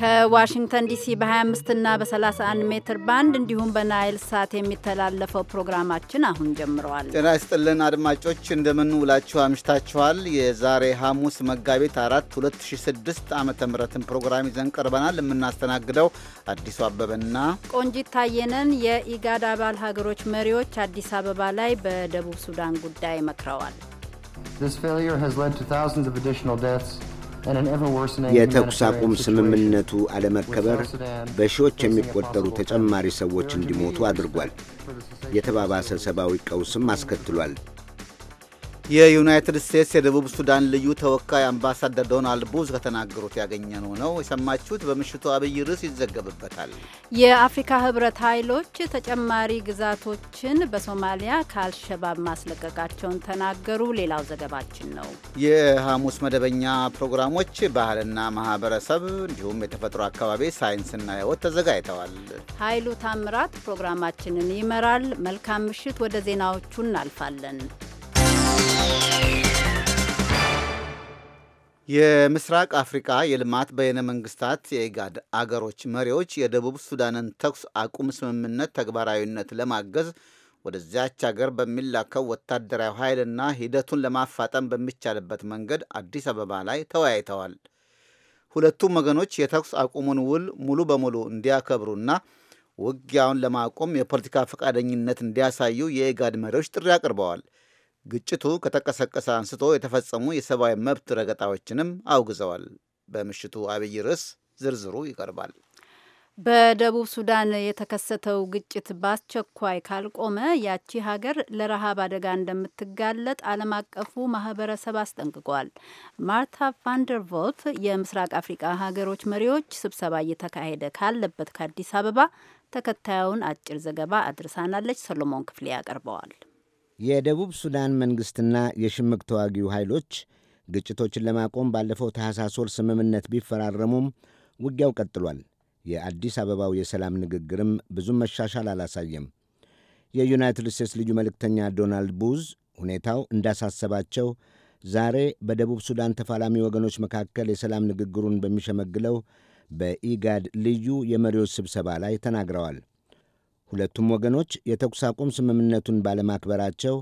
ከዋሽንግተን ዲሲ በ25 እና በ31 ሜትር ባንድ እንዲሁም በናይል ሳት የሚተላለፈው ፕሮግራማችን አሁን ጀምረዋል። ጤና ይስጥልን አድማጮች እንደምን ውላችሁ አምሽታችኋል። የዛሬ ሐሙስ መጋቢት 4 2006 ዓ ምትን ፕሮግራም ይዘን ቀርበናል። የምናስተናግደው አዲሱ አበበና ቆንጂት ታየነን። የኢጋድ አባል ሀገሮች መሪዎች አዲስ አበባ ላይ በደቡብ ሱዳን ጉዳይ መክረዋል። This failure has led to thousands of additional deaths. የተኩስ አቁም ስምምነቱ አለመከበር በሺዎች የሚቆጠሩ ተጨማሪ ሰዎች እንዲሞቱ አድርጓል። የተባባሰ ሰብአዊ ቀውስም አስከትሏል። የዩናይትድ ስቴትስ የደቡብ ሱዳን ልዩ ተወካይ አምባሳደር ዶናልድ ቡዝ ከተናገሩት ያገኘነው ነው የሰማችሁት። በምሽቱ አብይ ርዕስ ይዘገብበታል። የአፍሪካ ሕብረት ኃይሎች ተጨማሪ ግዛቶችን በሶማሊያ ከአልሸባብ ማስለቀቃቸውን ተናገሩ። ሌላው ዘገባችን ነው። የሐሙስ መደበኛ ፕሮግራሞች ባህልና ማህበረሰብ፣ እንዲሁም የተፈጥሮ አካባቢ፣ ሳይንስና ሕይወት ተዘጋጅተዋል። ኃይሉ ታምራት ፕሮግራማችንን ይመራል። መልካም ምሽት። ወደ ዜናዎቹ እናልፋለን። የምስራቅ አፍሪካ የልማት በይነ መንግስታት የኢጋድ አገሮች መሪዎች የደቡብ ሱዳንን ተኩስ አቁም ስምምነት ተግባራዊነት ለማገዝ ወደዚያች አገር በሚላከው ወታደራዊ ኃይልና ሂደቱን ለማፋጠም በሚቻልበት መንገድ አዲስ አበባ ላይ ተወያይተዋል። ሁለቱም ወገኖች የተኩስ አቁሙን ውል ሙሉ በሙሉ እንዲያከብሩና ውጊያውን ለማቆም የፖለቲካ ፈቃደኝነት እንዲያሳዩ የኢጋድ መሪዎች ጥሪ አቅርበዋል። ግጭቱ ከተቀሰቀሰ አንስቶ የተፈጸሙ የሰብአዊ መብት ረገጣዎችንም አውግዘዋል። በምሽቱ አብይ ርዕስ ዝርዝሩ ይቀርባል። በደቡብ ሱዳን የተከሰተው ግጭት በአስቸኳይ ካልቆመ ያቺ ሀገር ለረሃብ አደጋ እንደምትጋለጥ ዓለም አቀፉ ማህበረሰብ አስጠንቅቋል። ማርታ ቫንደርቮልፍ የምስራቅ አፍሪቃ ሀገሮች መሪዎች ስብሰባ እየተካሄደ ካለበት ከአዲስ አበባ ተከታዩን አጭር ዘገባ አድርሳናለች። ሰሎሞን ክፍሌ ያቀርበዋል። የደቡብ ሱዳን መንግሥትና የሽምቅ ተዋጊው ኃይሎች ግጭቶችን ለማቆም ባለፈው ታህሳስ ወር ስምምነት ቢፈራረሙም ውጊያው ቀጥሏል። የአዲስ አበባው የሰላም ንግግርም ብዙም መሻሻል አላሳየም። የዩናይትድ ስቴትስ ልዩ መልእክተኛ ዶናልድ ቡዝ ሁኔታው እንዳሳሰባቸው ዛሬ በደቡብ ሱዳን ተፋላሚ ወገኖች መካከል የሰላም ንግግሩን በሚሸመግለው በኢጋድ ልዩ የመሪዎች ስብሰባ ላይ ተናግረዋል። ሁለቱም ወገኖች የተኩስ አቁም ስምምነቱን ባለማክበራቸው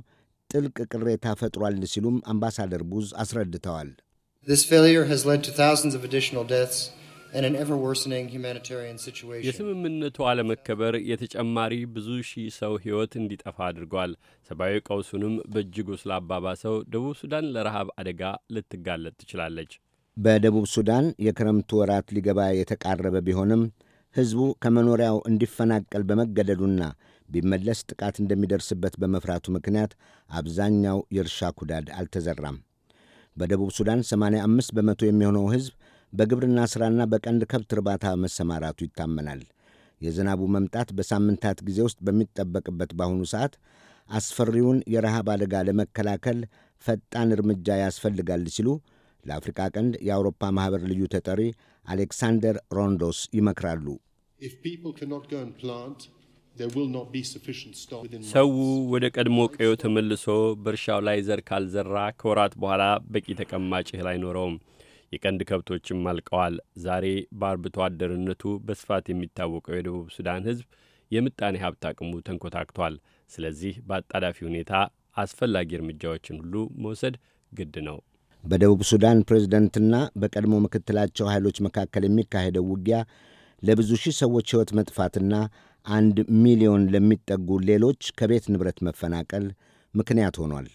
ጥልቅ ቅሬታ ፈጥሯል ሲሉም አምባሳደር ቡዝ አስረድተዋል። የስምምነቱ አለመከበር የተጨማሪ ብዙ ሺህ ሰው ሕይወት እንዲጠፋ አድርጓል። ሰብአዊ ቀውሱንም በእጅጉ ስላባባሰው ደቡብ ሱዳን ለረሃብ አደጋ ልትጋለጥ ትችላለች። በደቡብ ሱዳን የክረምቱ ወራት ሊገባ የተቃረበ ቢሆንም ሕዝቡ ከመኖሪያው እንዲፈናቀል በመገደዱና ቢመለስ ጥቃት እንደሚደርስበት በመፍራቱ ምክንያት አብዛኛው የእርሻ ኩዳድ አልተዘራም። በደቡብ ሱዳን 85 በመቶ የሚሆነው ሕዝብ በግብርና ሥራና በቀንድ ከብት እርባታ መሰማራቱ ይታመናል። የዝናቡ መምጣት በሳምንታት ጊዜ ውስጥ በሚጠበቅበት በአሁኑ ሰዓት አስፈሪውን የረሃብ አደጋ ለመከላከል ፈጣን እርምጃ ያስፈልጋል ሲሉ ለአፍሪካ ቀንድ የአውሮፓ ማኅበር ልዩ ተጠሪ አሌክሳንደር ሮንዶስ ይመክራሉ። ሰው ወደ ቀድሞ ቀዮ ተመልሶ በእርሻው ላይ ዘር ካልዘራ ከወራት በኋላ በቂ ተቀማጭ እህል አይኖረውም። የቀንድ ከብቶችም አልቀዋል። ዛሬ በአርብቶ አደርነቱ በስፋት የሚታወቀው የደቡብ ሱዳን ሕዝብ የምጣኔ ሀብት አቅሙ ተንኮታክቷል። ስለዚህ በአጣዳፊ ሁኔታ አስፈላጊ እርምጃዎችን ሁሉ መውሰድ ግድ ነው። በደቡብ ሱዳን ፕሬዝደንትና በቀድሞ ምክትላቸው ኃይሎች መካከል የሚካሄደው ውጊያ ለብዙ ሺህ ሰዎች ሕይወት መጥፋትና አንድ ሚሊዮን ለሚጠጉ ሌሎች ከቤት ንብረት መፈናቀል ምክንያት ሆኗል።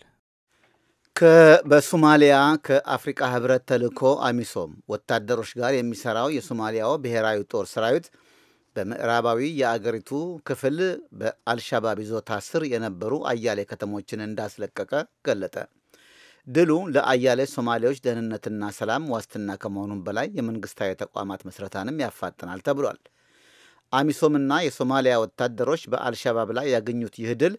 በሶማሊያ ከአፍሪቃ ህብረት ተልእኮ አሚሶም ወታደሮች ጋር የሚሰራው የሶማሊያው ብሔራዊ ጦር ሰራዊት በምዕራባዊ የአገሪቱ ክፍል በአልሻባብ ይዞታ ስር የነበሩ አያሌ ከተሞችን እንዳስለቀቀ ገለጠ። ድሉ ለአያሌ ሶማሌዎች ደህንነትና ሰላም ዋስትና ከመሆኑም በላይ የመንግስታዊ ተቋማት መስረታንም ያፋጥናል ተብሏል። አሚሶምና የሶማሊያ ወታደሮች በአልሻባብ ላይ ያገኙት ይህ ድል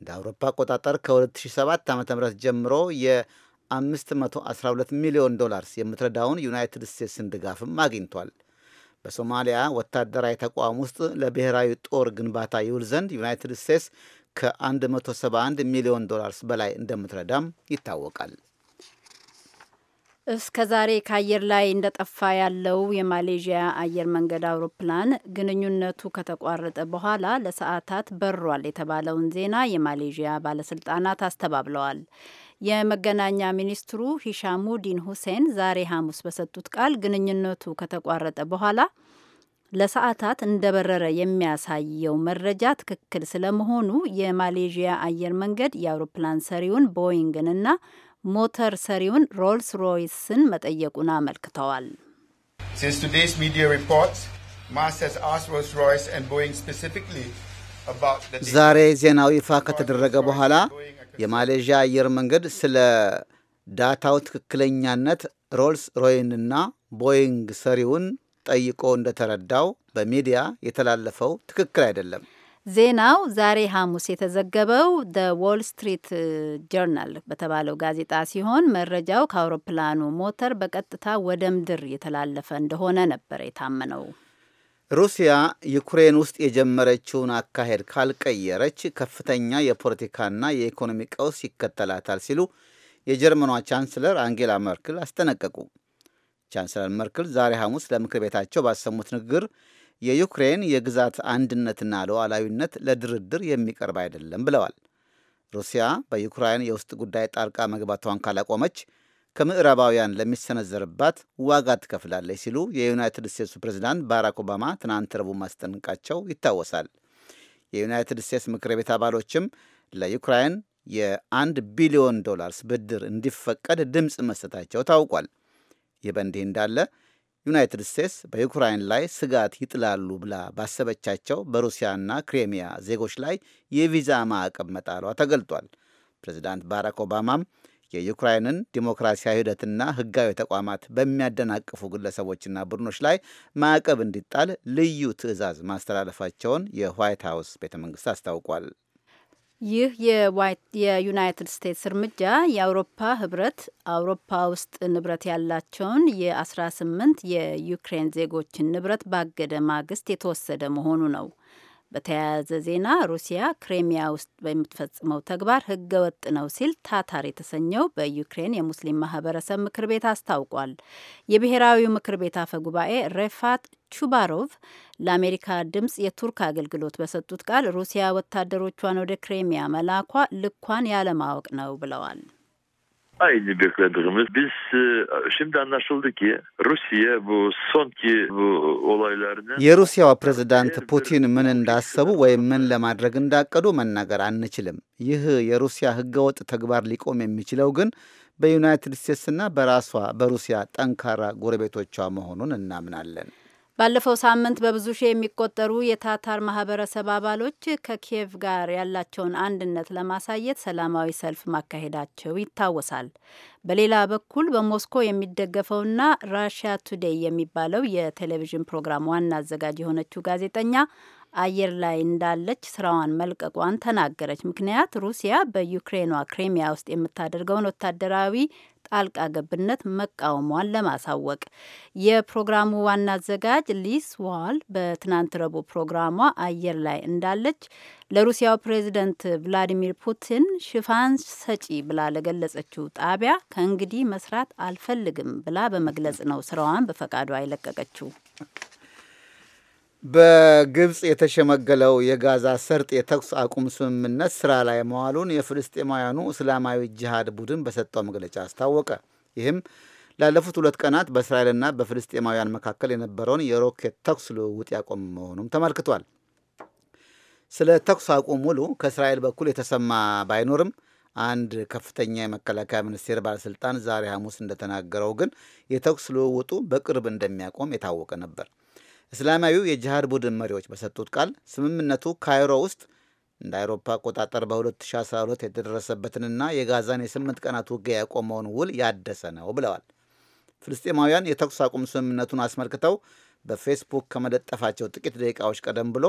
እንደ አውሮፓ አቆጣጠር ከ2007 ዓ ም ጀምሮ የ512 ሚሊዮን ዶላርስ የምትረዳውን ዩናይትድ ስቴትስን ድጋፍም አግኝቷል። በሶማሊያ ወታደራዊ ተቋም ውስጥ ለብሔራዊ ጦር ግንባታ ይውል ዘንድ ዩናይትድ ስቴትስ ከ171 ሚሊዮን ዶላርስ በላይ እንደምትረዳም ይታወቃል። እስከ ዛሬ ከአየር ላይ እንደጠፋ ያለው የማሌዥያ አየር መንገድ አውሮፕላን ግንኙነቱ ከተቋረጠ በኋላ ለሰዓታት በሯል የተባለውን ዜና የማሌዥያ ባለስልጣናት አስተባብለዋል። የመገናኛ ሚኒስትሩ ሂሻሙዲን ሁሴን ዛሬ ሐሙስ በሰጡት ቃል ግንኙነቱ ከተቋረጠ በኋላ ለሰዓታት እንደበረረ የሚያሳየው መረጃ ትክክል ስለመሆኑ የማሌዥያ አየር መንገድ የአውሮፕላን ሰሪውን ቦይንግንና ሞተር ሰሪውን ሮልስ ሮይስን መጠየቁን አመልክተዋል። ዛሬ ዜናው ይፋ ከተደረገ በኋላ የማሌዥያ አየር መንገድ ስለ ዳታው ትክክለኛነት ሮልስ ሮይንና ቦይንግ ሰሪውን ጠይቆ እንደተረዳው በሚዲያ የተላለፈው ትክክል አይደለም። ዜናው ዛሬ ሐሙስ የተዘገበው ደ ዎል ስትሪት ጆርናል በተባለው ጋዜጣ ሲሆን መረጃው ከአውሮፕላኑ ሞተር በቀጥታ ወደ ምድር የተላለፈ እንደሆነ ነበር የታመነው። ሩሲያ ዩክሬን ውስጥ የጀመረችውን አካሄድ ካልቀየረች ከፍተኛ የፖለቲካና የኢኮኖሚ ቀውስ ይከተላታል ሲሉ የጀርመኗ ቻንስለር አንጌላ መርክል አስጠነቀቁ። ቻንሰለር መርክል ዛሬ ሐሙስ ለምክር ቤታቸው ባሰሙት ንግግር የዩክሬን የግዛት አንድነትና ሉዓላዊነት ለድርድር የሚቀርብ አይደለም ብለዋል። ሩሲያ በዩክራይን የውስጥ ጉዳይ ጣልቃ መግባቷን ካላቆመች ከምዕራባውያን ለሚሰነዘርባት ዋጋ ትከፍላለች ሲሉ የዩናይትድ ስቴትሱ ፕሬዚዳንት ባራክ ኦባማ ትናንት ረቡዕ ማስጠንቀቃቸው ይታወሳል። የዩናይትድ ስቴትስ ምክር ቤት አባሎችም ለዩክራይን የአንድ ቢሊዮን ዶላርስ ብድር እንዲፈቀድ ድምፅ መስጠታቸው ታውቋል። ይህ በእንዲህ እንዳለ ዩናይትድ ስቴትስ በዩክራይን ላይ ስጋት ይጥላሉ ብላ ባሰበቻቸው በሩሲያና ክሬሚያ ዜጎች ላይ የቪዛ ማዕቀብ መጣሏ ተገልጧል። ፕሬዚዳንት ባራክ ኦባማም የዩክራይንን ዲሞክራሲያዊ ሂደትና ሕጋዊ ተቋማት በሚያደናቅፉ ግለሰቦችና ቡድኖች ላይ ማዕቀብ እንዲጣል ልዩ ትዕዛዝ ማስተላለፋቸውን የዋይት ሀውስ ቤተ መንግስት አስታውቋል። ይህ የዩናይትድ ስቴትስ እርምጃ የአውሮፓ ህብረት አውሮፓ ውስጥ ንብረት ያላቸውን የ18 የዩክሬን ዜጎችን ንብረት ባገደ ማግስት የተወሰደ መሆኑ ነው። በተያያዘ ዜና ሩሲያ ክሬሚያ ውስጥ በምትፈጽመው ተግባር ህገ ወጥ ነው ሲል ታታር የተሰኘው በዩክሬን የሙስሊም ማህበረሰብ ምክር ቤት አስታውቋል። የብሔራዊው ምክር ቤት አፈ ጉባኤ ሬፋት ቹባሮቭ ለአሜሪካ ድምፅ የቱርክ አገልግሎት በሰጡት ቃል ሩሲያ ወታደሮቿን ወደ ክሬሚያ መላኳ ልኳን ያለማወቅ ነው ብለዋል። Aynı beklediğimiz biz şimdi anlaşıldı ki Rusya bu sonki bu olaylarını የሩሲያው ፕሬዝዳንት ፑቲን ምን እንዳሰቡ ወይም ምን ለማድረግ እንዳቀዱ መናገር አንችልም። ይህ የሩሲያ ህገወጥ ተግባር ሊቆም የሚችለው ግን በዩናይትድ ስቴትስና በራሷ በሩሲያ ጠንካራ ጎረቤቶቿ መሆኑን እናምናለን። ባለፈው ሳምንት በብዙ ሺህ የሚቆጠሩ የታታር ማህበረሰብ አባሎች ከኪየቭ ጋር ያላቸውን አንድነት ለማሳየት ሰላማዊ ሰልፍ ማካሄዳቸው ይታወሳል። በሌላ በኩል በሞስኮ የሚደገፈውና ራሽያ ቱዴይ የሚባለው የቴሌቪዥን ፕሮግራም ዋና አዘጋጅ የሆነችው ጋዜጠኛ አየር ላይ እንዳለች ስራዋን መልቀቋን ተናገረች። ምክንያት ሩሲያ በዩክሬኗ ክሬሚያ ውስጥ የምታደርገውን ወታደራዊ ጣልቃ ገብነት መቃወሟን ለማሳወቅ የፕሮግራሙ ዋና አዘጋጅ ሊስ ዋል በትናንት ረቡዕ ፕሮግራሟ አየር ላይ እንዳለች ለሩሲያው ፕሬዚደንት ቭላዲሚር ፑቲን ሽፋን ሰጪ ብላ ለገለጸችው ጣቢያ ከእንግዲህ መስራት አልፈልግም ብላ በመግለጽ ነው ስራዋን በፈቃዷ የለቀቀችው። በግብፅ የተሸመገለው የጋዛ ሰርጥ የተኩስ አቁም ስምምነት ስራ ላይ መዋሉን የፍልስጤማውያኑ እስላማዊ ጅሃድ ቡድን በሰጠው መግለጫ አስታወቀ። ይህም ላለፉት ሁለት ቀናት በእስራኤልና በፍልስጤማውያን መካከል የነበረውን የሮኬት ተኩስ ልውውጥ ያቆመ መሆኑም ተመልክቷል። ስለ ተኩስ አቁም ውሉ ከእስራኤል በኩል የተሰማ ባይኖርም አንድ ከፍተኛ የመከላከያ ሚኒስቴር ባለሥልጣን ዛሬ ሐሙስ እንደተናገረው ግን የተኩስ ልውውጡ በቅርብ እንደሚያቆም የታወቀ ነበር። እስላማዊው የጅሃድ ቡድን መሪዎች በሰጡት ቃል ስምምነቱ ካይሮ ውስጥ እንደ አውሮፓ አቆጣጠር በ2012 የተደረሰበትንና የጋዛን የስምንት ቀናት ውጊያ ያቆመውን ውል ያደሰ ነው ብለዋል። ፍልስጤማውያን የተኩስ አቁም ስምምነቱን አስመልክተው በፌስቡክ ከመለጠፋቸው ጥቂት ደቂቃዎች ቀደም ብሎ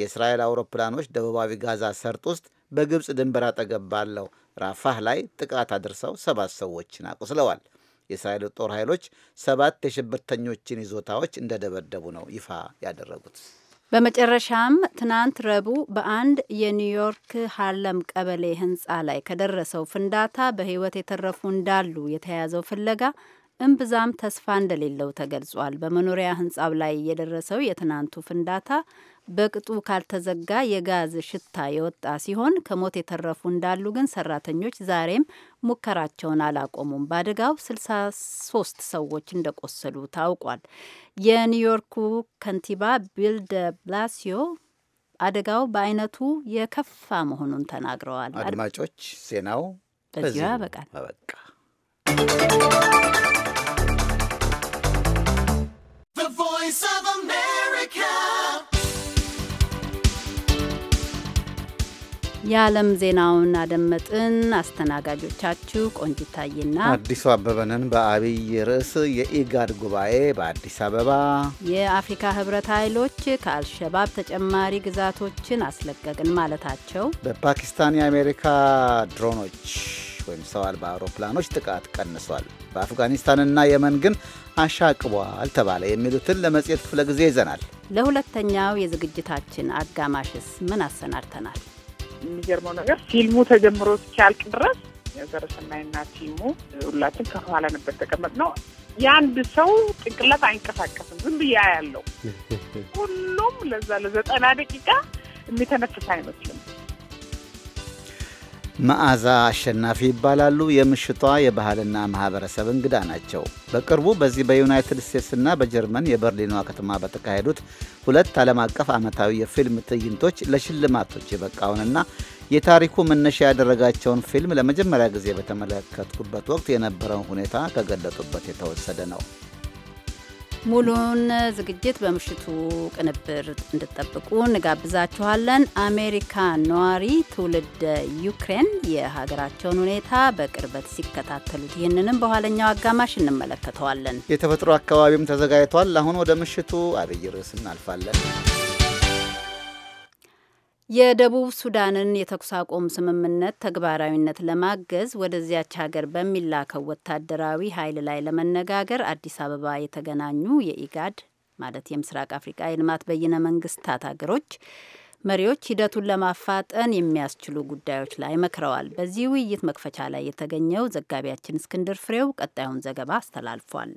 የእስራኤል አውሮፕላኖች ደቡባዊ ጋዛ ሰርጥ ውስጥ በግብፅ ድንበር አጠገብ ባለው ራፋህ ላይ ጥቃት አድርሰው ሰባት ሰዎችን አቁስለዋል። የእስራኤል ጦር ኃይሎች ሰባት የሽብርተኞችን ይዞታዎች እንደደበደቡ ነው ይፋ ያደረጉት። በመጨረሻም ትናንት ረቡዕ በአንድ የኒውዮርክ ሃርለም ቀበሌ ህንፃ ላይ ከደረሰው ፍንዳታ በህይወት የተረፉ እንዳሉ የተያዘው ፍለጋ እምብዛም ተስፋ እንደሌለው ተገልጿል። በመኖሪያ ህንፃው ላይ የደረሰው የትናንቱ ፍንዳታ በቅጡ ካልተዘጋ የጋዝ ሽታ የወጣ ሲሆን ከሞት የተረፉ እንዳሉ ግን ሰራተኞች ዛሬም ሙከራቸውን አላቆሙም። በአደጋው 63 ሰዎች እንደቆሰሉ ታውቋል። የኒውዮርኩ ከንቲባ ቢል ደ ብላሲዮ አደጋው በአይነቱ የከፋ መሆኑን ተናግረዋል። አድማጮች፣ ዜናው በዚሁ ያበቃል። of a man. የዓለም ዜናውን አደመጥን። አስተናጋጆቻችሁ ቆንጂት ታይና አዲሱ አበበንን በአብይ ርዕስ የኢጋድ ጉባኤ በአዲስ አበባ፣ የአፍሪካ ህብረት ኃይሎች ከአልሸባብ ተጨማሪ ግዛቶችን አስለቀቅን ማለታቸው፣ በፓኪስታን የአሜሪካ ድሮኖች ወይም ሰው አልባ አውሮፕላኖች ጥቃት ቀንሷል፣ በአፍጋኒስታንና የመን ግን አሻቅቧል ተባለ የሚሉትን ለመጽሔት ክፍለ ጊዜ ይዘናል። ለሁለተኛው የዝግጅታችን አጋማሽስ ምን አሰናድተናል? የሚገርመው ነገር ፊልሙ ተጀምሮ እስኪያልቅ ድረስ ዘረሰናይና ቲሙ ሁላችን ከኋላ ነበር ተቀመጥ ነው። የአንድ ሰው ጭንቅላት አይንቀሳቀስም። ዝም ብያ ያለው ሁሉም ለዛ ለዘጠና ደቂቃ የሚተነፍስ አይመስልም። መዓዛ አሸናፊ ይባላሉ። የምሽቷ የባህልና ማህበረሰብ እንግዳ ናቸው። በቅርቡ በዚህ በዩናይትድ ስቴትስና በጀርመን የበርሊኗ ከተማ በተካሄዱት ሁለት ዓለም አቀፍ ዓመታዊ የፊልም ትዕይንቶች ለሽልማቶች የበቃውንና የታሪኩ መነሻ ያደረጋቸውን ፊልም ለመጀመሪያ ጊዜ በተመለከትኩበት ወቅት የነበረውን ሁኔታ ከገለጡበት የተወሰደ ነው። ሙሉን ዝግጅት በምሽቱ ቅንብር እንድጠብቁ እንጋብዛችኋለን። አሜሪካ ነዋሪ ትውልድ ዩክሬን የሀገራቸውን ሁኔታ በቅርበት ሲከታተሉት፣ ይህንንም በኋለኛው አጋማሽ እንመለከተዋለን። የተፈጥሮ አካባቢም ተዘጋጅቷል። አሁን ወደ ምሽቱ አብይ ርዕስ እናልፋለን። የደቡብ ሱዳንን የተኩስ አቁም ስምምነት ተግባራዊነት ለማገዝ ወደዚያች ሀገር በሚላከው ወታደራዊ ኃይል ላይ ለመነጋገር አዲስ አበባ የተገናኙ የኢጋድ ማለት የምስራቅ አፍሪቃ የልማት በይነ መንግስታት ሀገሮች መሪዎች ሂደቱን ለማፋጠን የሚያስችሉ ጉዳዮች ላይ መክረዋል። በዚህ ውይይት መክፈቻ ላይ የተገኘው ዘጋቢያችን እስክንድር ፍሬው ቀጣዩን ዘገባ አስተላልፏል።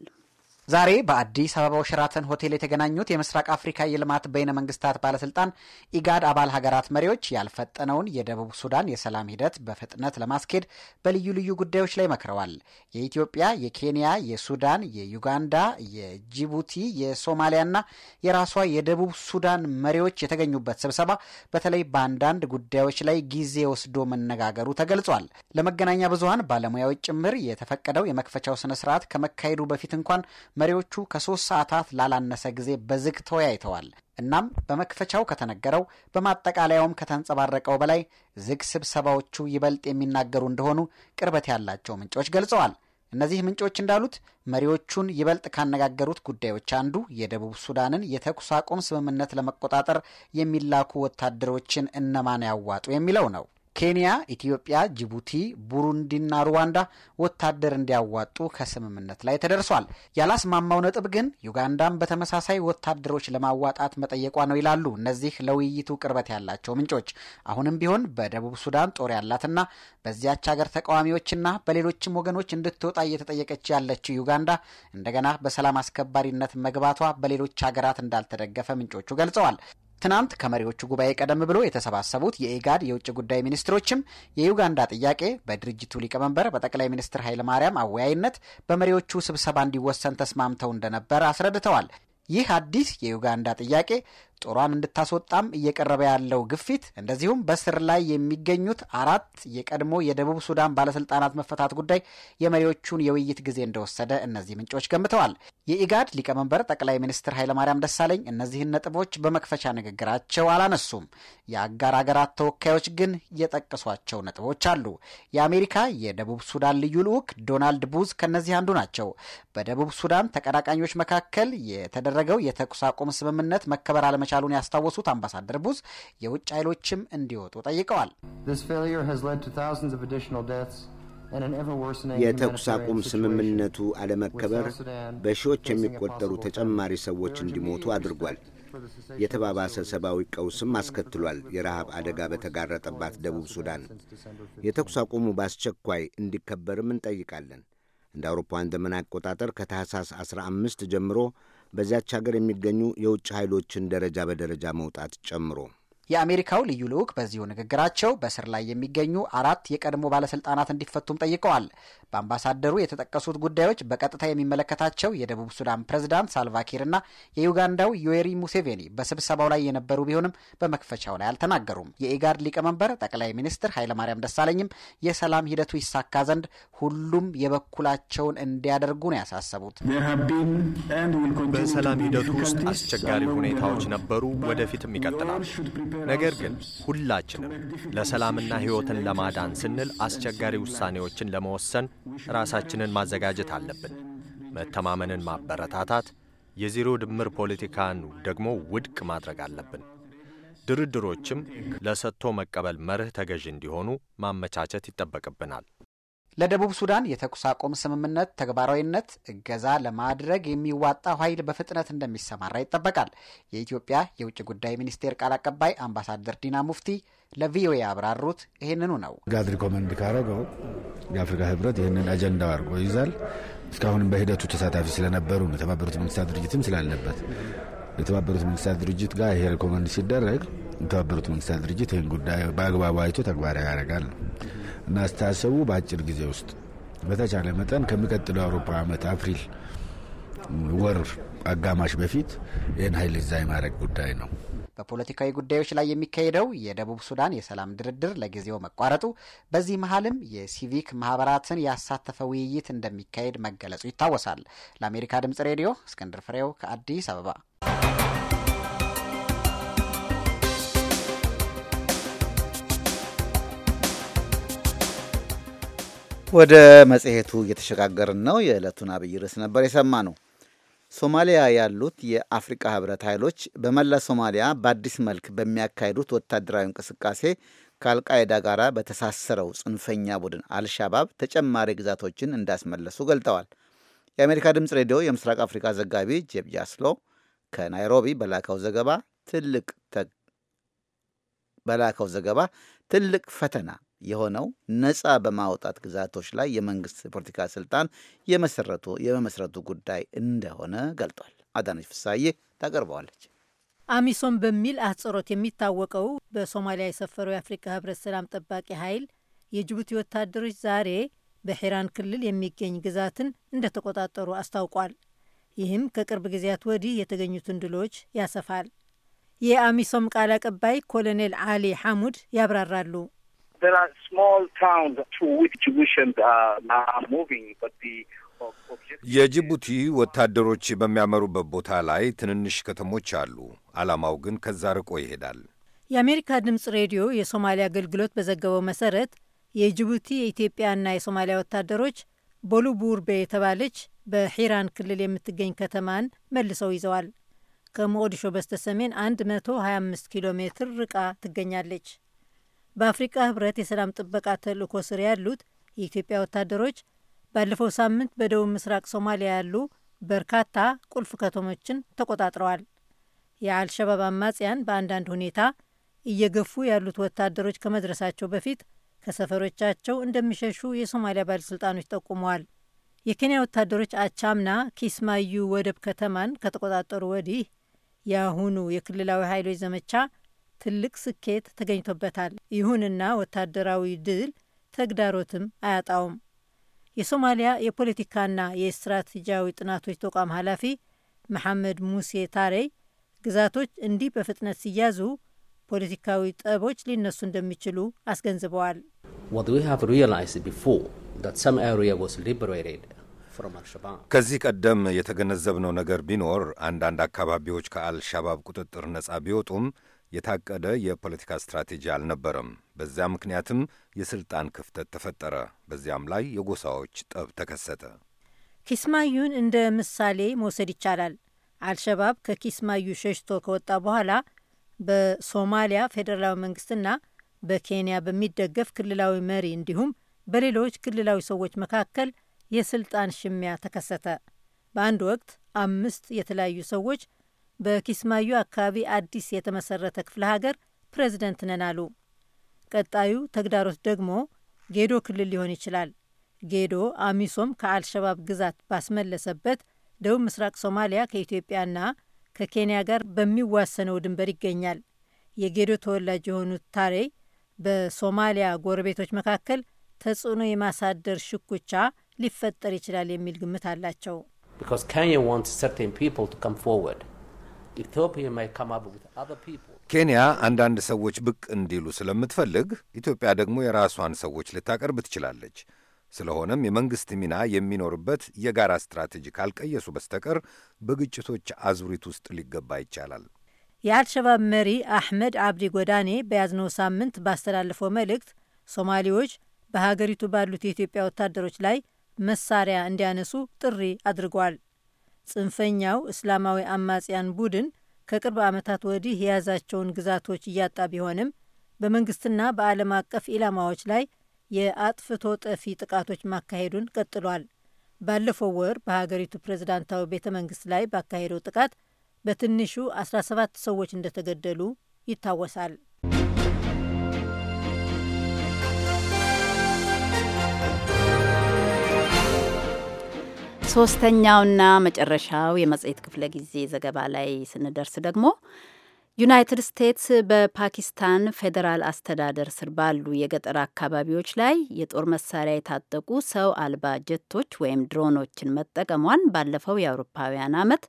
ዛሬ በአዲስ አበባው ሸራተን ሆቴል የተገናኙት የምስራቅ አፍሪካ የልማት በይነ መንግስታት ባለስልጣን ኢጋድ አባል ሀገራት መሪዎች ያልፈጠነውን የደቡብ ሱዳን የሰላም ሂደት በፍጥነት ለማስኬድ በልዩ ልዩ ጉዳዮች ላይ መክረዋል። የኢትዮጵያ፣ የኬንያ፣ የሱዳን፣ የዩጋንዳ፣ የጅቡቲ፣ የሶማሊያና የራሷ የደቡብ ሱዳን መሪዎች የተገኙበት ስብሰባ በተለይ በአንዳንድ ጉዳዮች ላይ ጊዜ ወስዶ መነጋገሩ ተገልጿል። ለመገናኛ ብዙሀን ባለሙያዎች ጭምር የተፈቀደው የመክፈቻው ስነስርዓት ከመካሄዱ በፊት እንኳን መሪዎቹ ከሶስት ሰዓታት ላላነሰ ጊዜ በዝግ ተወያይተዋል። እናም በመክፈቻው ከተነገረው በማጠቃለያውም ከተንጸባረቀው በላይ ዝግ ስብሰባዎቹ ይበልጥ የሚናገሩ እንደሆኑ ቅርበት ያላቸው ምንጮች ገልጸዋል። እነዚህ ምንጮች እንዳሉት መሪዎቹን ይበልጥ ካነጋገሩት ጉዳዮች አንዱ የደቡብ ሱዳንን የተኩስ አቁም ስምምነት ለመቆጣጠር የሚላኩ ወታደሮችን እነማን ያዋጡ የሚለው ነው። ኬንያ፣ ኢትዮጵያ፣ ጅቡቲ፣ ቡሩንዲና ሩዋንዳ ወታደር እንዲያዋጡ ከስምምነት ላይ ተደርሷል። ያላስማማው ነጥብ ግን ዩጋንዳም በተመሳሳይ ወታደሮች ለማዋጣት መጠየቋ ነው ይላሉ እነዚህ ለውይይቱ ቅርበት ያላቸው ምንጮች። አሁንም ቢሆን በደቡብ ሱዳን ጦር ያላትና በዚያች ሀገር ተቃዋሚዎችና በሌሎችም ወገኖች እንድትወጣ እየተጠየቀች ያለችው ዩጋንዳ እንደገና በሰላም አስከባሪነት መግባቷ በሌሎች ሀገራት እንዳልተደገፈ ምንጮቹ ገልጸዋል። ትናንት ከመሪዎቹ ጉባኤ ቀደም ብሎ የተሰባሰቡት የኢጋድ የውጭ ጉዳይ ሚኒስትሮችም የዩጋንዳ ጥያቄ በድርጅቱ ሊቀመንበር በጠቅላይ ሚኒስትር ኃይለማርያም አወያይነት በመሪዎቹ ስብሰባ እንዲወሰን ተስማምተው እንደነበር አስረድተዋል። ይህ አዲስ የዩጋንዳ ጥያቄ ጦሯን እንድታስወጣም እየቀረበ ያለው ግፊት እንደዚሁም በስር ላይ የሚገኙት አራት የቀድሞ የደቡብ ሱዳን ባለስልጣናት መፈታት ጉዳይ የመሪዎቹን የውይይት ጊዜ እንደወሰደ እነዚህ ምንጮች ገምተዋል። የኢጋድ ሊቀመንበር ጠቅላይ ሚኒስትር ኃይለማርያም ደሳለኝ እነዚህን ነጥቦች በመክፈቻ ንግግራቸው አላነሱም። የአጋር አገራት ተወካዮች ግን የጠቀሷቸው ነጥቦች አሉ። የአሜሪካ የደቡብ ሱዳን ልዩ ልዑክ ዶናልድ ቡዝ ከእነዚህ አንዱ ናቸው። በደቡብ ሱዳን ተቀናቃኞች መካከል የተደረገው የተኩስ አቁም ስምምነት መከበር አለመ መቻሉን ያስታወሱት አምባሳደር ቡዝ የውጭ ኃይሎችም እንዲወጡ ጠይቀዋል። የተኩስ አቁም ስምምነቱ አለመከበር በሺዎች የሚቆጠሩ ተጨማሪ ሰዎች እንዲሞቱ አድርጓል። የተባባሰ ሰብአዊ ቀውስም አስከትሏል። የረሃብ አደጋ በተጋረጠባት ደቡብ ሱዳን የተኩስ አቁሙ በአስቸኳይ እንዲከበርም እንጠይቃለን። እንደ አውሮፓውያን ዘመን አቆጣጠር ከታህሳስ 15 ጀምሮ በዚያች ሀገር የሚገኙ የውጭ ኃይሎችን ደረጃ በደረጃ መውጣት ጨምሮ የአሜሪካው ልዩ ልዑክ በዚሁ ንግግራቸው በስር ላይ የሚገኙ አራት የቀድሞ ባለስልጣናት እንዲፈቱም ጠይቀዋል። በአምባሳደሩ የተጠቀሱት ጉዳዮች በቀጥታ የሚመለከታቸው የደቡብ ሱዳን ፕሬዝዳንት ሳልቫኪርና የዩጋንዳው ዩዌሪ ሙሴቬኒ በስብሰባው ላይ የነበሩ ቢሆንም በመክፈቻው ላይ አልተናገሩም። የኢጋድ ሊቀመንበር ጠቅላይ ሚኒስትር ኃይለማርያም ደሳለኝም የሰላም ሂደቱ ይሳካ ዘንድ ሁሉም የበኩላቸውን እንዲያደርጉ ነው ያሳሰቡት። በሰላም ሂደቱ ውስጥ አስቸጋሪ ሁኔታዎች ነበሩ፣ ወደፊትም ይቀጥላል። ነገር ግን ሁላችንም ለሰላምና ሕይወትን ለማዳን ስንል አስቸጋሪ ውሳኔዎችን ለመወሰን ራሳችንን ማዘጋጀት አለብን። መተማመንን ማበረታታት፣ የዜሮ ድምር ፖለቲካን ደግሞ ውድቅ ማድረግ አለብን። ድርድሮችም ለሰጥቶ መቀበል መርህ ተገዥ እንዲሆኑ ማመቻቸት ይጠበቅብናል። ለደቡብ ሱዳን የተኩስ አቁም ስምምነት ተግባራዊነት እገዛ ለማድረግ የሚዋጣው ኃይል በፍጥነት እንደሚሰማራ ይጠበቃል። የኢትዮጵያ የውጭ ጉዳይ ሚኒስቴር ቃል አቀባይ አምባሳደር ዲና ሙፍቲ ለቪኦኤ ያብራሩት ይህንኑ ነው። ጋድ ሪኮመንድ ካረገው የአፍሪካ ህብረት ይህንን አጀንዳው አድርጎ ይዛል። እስካሁንም በሂደቱ ተሳታፊ ስለነበሩ ነው። የተባበሩት መንግስታት ድርጅትም ስላለበት የተባበሩት መንግስታት ድርጅት ጋር ይሄ ሪኮመንድ ሲደረግ የተባበሩት መንግስታት ድርጅት ይህን ጉዳይ በአግባቡ አይቶ ተግባራዊ ያደርጋል ነው እናስታሰቡ በአጭር ጊዜ ውስጥ በተቻለ መጠን ከሚቀጥለው የአውሮፓ ዓመት አፕሪል ወር አጋማሽ በፊት ይህን ኃይል እዛ የማድረግ ጉዳይ ነው። በፖለቲካዊ ጉዳዮች ላይ የሚካሄደው የደቡብ ሱዳን የሰላም ድርድር ለጊዜው መቋረጡ፣ በዚህ መሀልም የሲቪክ ማህበራትን ያሳተፈ ውይይት እንደሚካሄድ መገለጹ ይታወሳል። ለአሜሪካ ድምጽ ሬዲዮ እስክንድር ፍሬው ከአዲስ አበባ ወደ መጽሔቱ እየተሸጋገርን ነው። የዕለቱን አብይ ርዕስ ነበር የሰማ ነው። ሶማሊያ ያሉት የአፍሪቃ ህብረት ኃይሎች በመላ ሶማሊያ በአዲስ መልክ በሚያካሂዱት ወታደራዊ እንቅስቃሴ ከአልቃይዳ ጋር በተሳሰረው ጽንፈኛ ቡድን አልሻባብ ተጨማሪ ግዛቶችን እንዳስመለሱ ገልጠዋል። የአሜሪካ ድምፅ ሬዲዮ የምስራቅ አፍሪካ ዘጋቢ ጄብ ጃስሎ ከናይሮቢ በላከው ዘገባ ትልቅ በላከው ዘገባ ትልቅ ፈተና የሆነው ነጻ በማውጣት ግዛቶች ላይ የመንግስት የፖለቲካ ስልጣን የመሰረቱ የመመስረቱ ጉዳይ እንደሆነ ገልጧል። አዳነች ፍሳዬ ታቀርበዋለች። አሚሶም በሚል አህጽሮት የሚታወቀው በሶማሊያ የሰፈረው የአፍሪካ ህብረት ሰላም ጠባቂ ኃይል የጅቡቲ ወታደሮች ዛሬ በሂራን ክልል የሚገኝ ግዛትን እንደተቆጣጠሩ አስታውቋል። ይህም ከቅርብ ጊዜያት ወዲህ የተገኙትን ድሎች ያሰፋል። የአሚሶም ቃል አቀባይ ኮሎኔል አሊ ሐሙድ ያብራራሉ። የጅቡቲ ወታደሮች በሚያመሩበት ቦታ ላይ ትንንሽ ከተሞች አሉ። ዓላማው ግን ከዛ ርቆ ይሄዳል። የአሜሪካ ድምፅ ሬዲዮ የሶማሊያ አገልግሎት በዘገበው መሰረት የጅቡቲ የኢትዮጵያና የሶማሊያ ወታደሮች ቦሉቡርቤ የተባለች በሂራን ክልል የምትገኝ ከተማን መልሰው ይዘዋል። ከሞቃዲሾ በስተ ሰሜን 125 ኪሎ ሜትር ርቃ ትገኛለች። በአፍሪቃ ህብረት የሰላም ጥበቃ ተልእኮ ስር ያሉት የኢትዮጵያ ወታደሮች ባለፈው ሳምንት በደቡብ ምስራቅ ሶማሊያ ያሉ በርካታ ቁልፍ ከተሞችን ተቆጣጥረዋል። የአልሸባብ አማጽያን በአንዳንድ ሁኔታ እየገፉ ያሉት ወታደሮች ከመድረሳቸው በፊት ከሰፈሮቻቸው እንደሚሸሹ የሶማሊያ ባለሥልጣኖች ጠቁመዋል። የኬንያ ወታደሮች አቻምና ኪስማዩ ወደብ ከተማን ከተቆጣጠሩ ወዲህ የአሁኑ የክልላዊ ኃይሎች ዘመቻ ትልቅ ስኬት ተገኝቶበታል። ይሁንና ወታደራዊ ድል ተግዳሮትም አያጣውም። የሶማሊያ የፖለቲካና የስትራቴጂያዊ ጥናቶች ተቋም ኃላፊ መሐመድ ሙሴ ታሬይ ግዛቶች እንዲህ በፍጥነት ሲያዙ ፖለቲካዊ ጠቦች ሊነሱ እንደሚችሉ አስገንዝበዋል። ከዚህ ቀደም የተገነዘብነው ነገር ቢኖር አንዳንድ አካባቢዎች ከአልሻባብ ቁጥጥር ነጻ ቢወጡም የታቀደ የፖለቲካ ስትራቴጂ አልነበረም። በዚያ ምክንያትም የስልጣን ክፍተት ተፈጠረ። በዚያም ላይ የጎሳዎች ጠብ ተከሰተ። ኪስማዩን እንደ ምሳሌ መውሰድ ይቻላል። አልሸባብ ከኪስማዩ ሸሽቶ ከወጣ በኋላ በሶማሊያ ፌዴራላዊ መንግስትና በኬንያ በሚደገፍ ክልላዊ መሪ እንዲሁም በሌሎች ክልላዊ ሰዎች መካከል የስልጣን ሽሚያ ተከሰተ። በአንድ ወቅት አምስት የተለያዩ ሰዎች በኪስማዩ አካባቢ አዲስ የተመሰረተ ክፍለ ሀገር ፕሬዝደንት ነን አሉ። ቀጣዩ ተግዳሮት ደግሞ ጌዶ ክልል ሊሆን ይችላል። ጌዶ አሚሶም ከአልሸባብ ግዛት ባስመለሰበት ደቡብ ምስራቅ ሶማሊያ ከኢትዮጵያና ከኬንያ ጋር በሚዋሰነው ድንበር ይገኛል። የጌዶ ተወላጅ የሆኑት ታሬ በሶማሊያ ጎረቤቶች መካከል ተጽዕኖ የማሳደር ሽኩቻ ሊፈጠር ይችላል የሚል ግምት አላቸው። ኬንያ አንዳንድ ሰዎች ብቅ እንዲሉ ስለምትፈልግ ኢትዮጵያ ደግሞ የራሷን ሰዎች ልታቀርብ ትችላለች። ስለሆነም የመንግሥት ሚና የሚኖርበት የጋራ ስትራቴጂ ካልቀየሱ በስተቀር በግጭቶች አዙሪት ውስጥ ሊገባ ይቻላል። የአልሸባብ መሪ አሕመድ አብዲ ጎዳኔ በያዝነው ሳምንት ባስተላለፈው መልእክት ሶማሌዎች በሀገሪቱ ባሉት የኢትዮጵያ ወታደሮች ላይ መሳሪያ እንዲያነሱ ጥሪ አድርጓል። ጽንፈኛው እስላማዊ አማጽያን ቡድን ከቅርብ ዓመታት ወዲህ የያዛቸውን ግዛቶች እያጣ ቢሆንም በመንግስትና በዓለም አቀፍ ኢላማዎች ላይ የአጥፍቶ ጠፊ ጥቃቶች ማካሄዱን ቀጥሏል። ባለፈው ወር በሀገሪቱ ፕሬዝዳንታዊ ቤተ መንግስት ላይ ባካሄደው ጥቃት በትንሹ 17 ሰዎች እንደተገደሉ ይታወሳል። ሶስተኛውና መጨረሻው የመጽሔት ክፍለ ጊዜ ዘገባ ላይ ስንደርስ ደግሞ ዩናይትድ ስቴትስ በፓኪስታን ፌዴራል አስተዳደር ስር ባሉ የገጠር አካባቢዎች ላይ የጦር መሳሪያ የታጠቁ ሰው አልባ ጀቶች ወይም ድሮኖችን መጠቀሟን ባለፈው የአውሮፓውያን ዓመት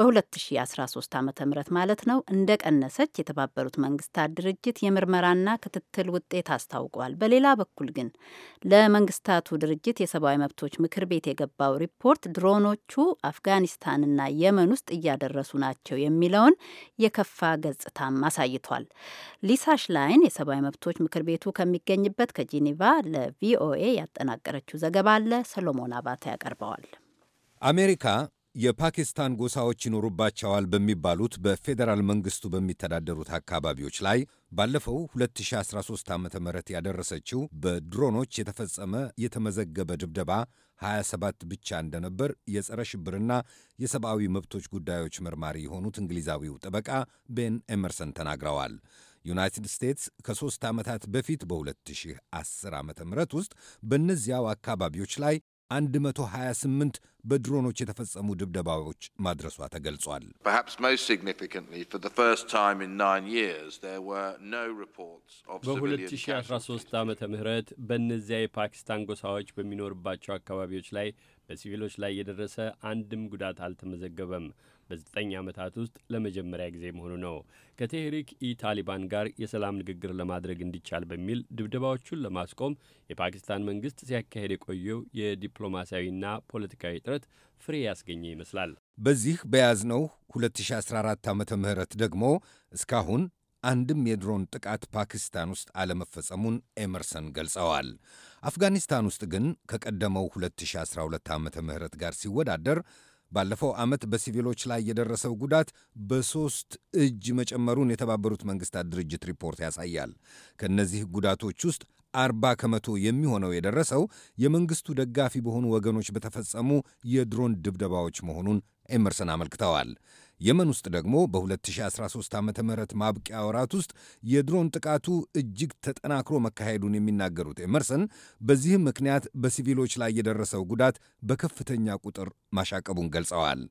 በ2013 ዓ ም ማለት ነው እንደቀነሰች የተባበሩት መንግስታት ድርጅት የምርመራና ክትትል ውጤት አስታውቋል። በሌላ በኩል ግን ለመንግስታቱ ድርጅት የሰብአዊ መብቶች ምክር ቤት የገባው ሪፖርት ድሮኖቹ አፍጋኒስታንና የመን ውስጥ እያደረሱ ናቸው የሚለውን የከፋ ገጽታም አሳይቷል። ሊሳ ሽላይን የሰብአዊ መብቶች ምክር ቤቱ ከሚገኝበት ከጄኔቫ ለቪኦኤ ያጠናቀረችው ዘገባ አለ። ሰሎሞን አባተ ያቀርበዋል። አሜሪካ የፓኪስታን ጎሳዎች ይኖሩባቸዋል በሚባሉት በፌዴራል መንግስቱ በሚተዳደሩት አካባቢዎች ላይ ባለፈው 2013 ዓ ም ያደረሰችው በድሮኖች የተፈጸመ የተመዘገበ ድብደባ 27 ብቻ እንደነበር የጸረ ሽብርና የሰብአዊ መብቶች ጉዳዮች መርማሪ የሆኑት እንግሊዛዊው ጠበቃ ቤን ኤመርሰን ተናግረዋል። ዩናይትድ ስቴትስ ከሦስት ዓመታት በፊት በ2010 ዓ ም ውስጥ በእነዚያው አካባቢዎች ላይ 128 በድሮኖች የተፈጸሙ ድብደባዎች ማድረሷ ተገልጿል። በ2013 ዓ ም በእነዚያ የፓኪስታን ጎሳዎች በሚኖርባቸው አካባቢዎች ላይ በሲቪሎች ላይ የደረሰ አንድም ጉዳት አልተመዘገበም። በዘጠኝ ዓመታት ውስጥ ለመጀመሪያ ጊዜ መሆኑ ነው። ከቴህሪክ ኢ ታሊባን ጋር የሰላም ንግግር ለማድረግ እንዲቻል በሚል ድብደባዎቹን ለማስቆም የፓኪስታን መንግስት ሲያካሄድ የቆየው የዲፕሎማሲያዊና ፖለቲካዊ ጥረት ፍሬ ያስገኘ ይመስላል። በዚህ በያዝነው 2014 ዓ ምህረት ደግሞ እስካሁን አንድም የድሮን ጥቃት ፓኪስታን ውስጥ አለመፈጸሙን ኤመርሰን ገልጸዋል። አፍጋኒስታን ውስጥ ግን ከቀደመው 2012 ዓ ምህረት ጋር ሲወዳደር ባለፈው ዓመት በሲቪሎች ላይ የደረሰው ጉዳት በሦስት እጅ መጨመሩን የተባበሩት መንግሥታት ድርጅት ሪፖርት ያሳያል። ከእነዚህ ጉዳቶች ውስጥ አርባ ከመቶ የሚሆነው የደረሰው የመንግሥቱ ደጋፊ በሆኑ ወገኖች በተፈጸሙ የድሮን ድብደባዎች መሆኑን ኤመርሰን አመልክተዋል። የመን ውስጥ ደግሞ በ2013 ዓ ም ማብቂያ ወራት ውስጥ የድሮን ጥቃቱ እጅግ ተጠናክሮ መካሄዱን የሚናገሩት ኤመርሰን በዚህም ምክንያት በሲቪሎች ላይ የደረሰው ጉዳት በከፍተኛ ቁጥር ማሻቀቡን ገልጸዋል።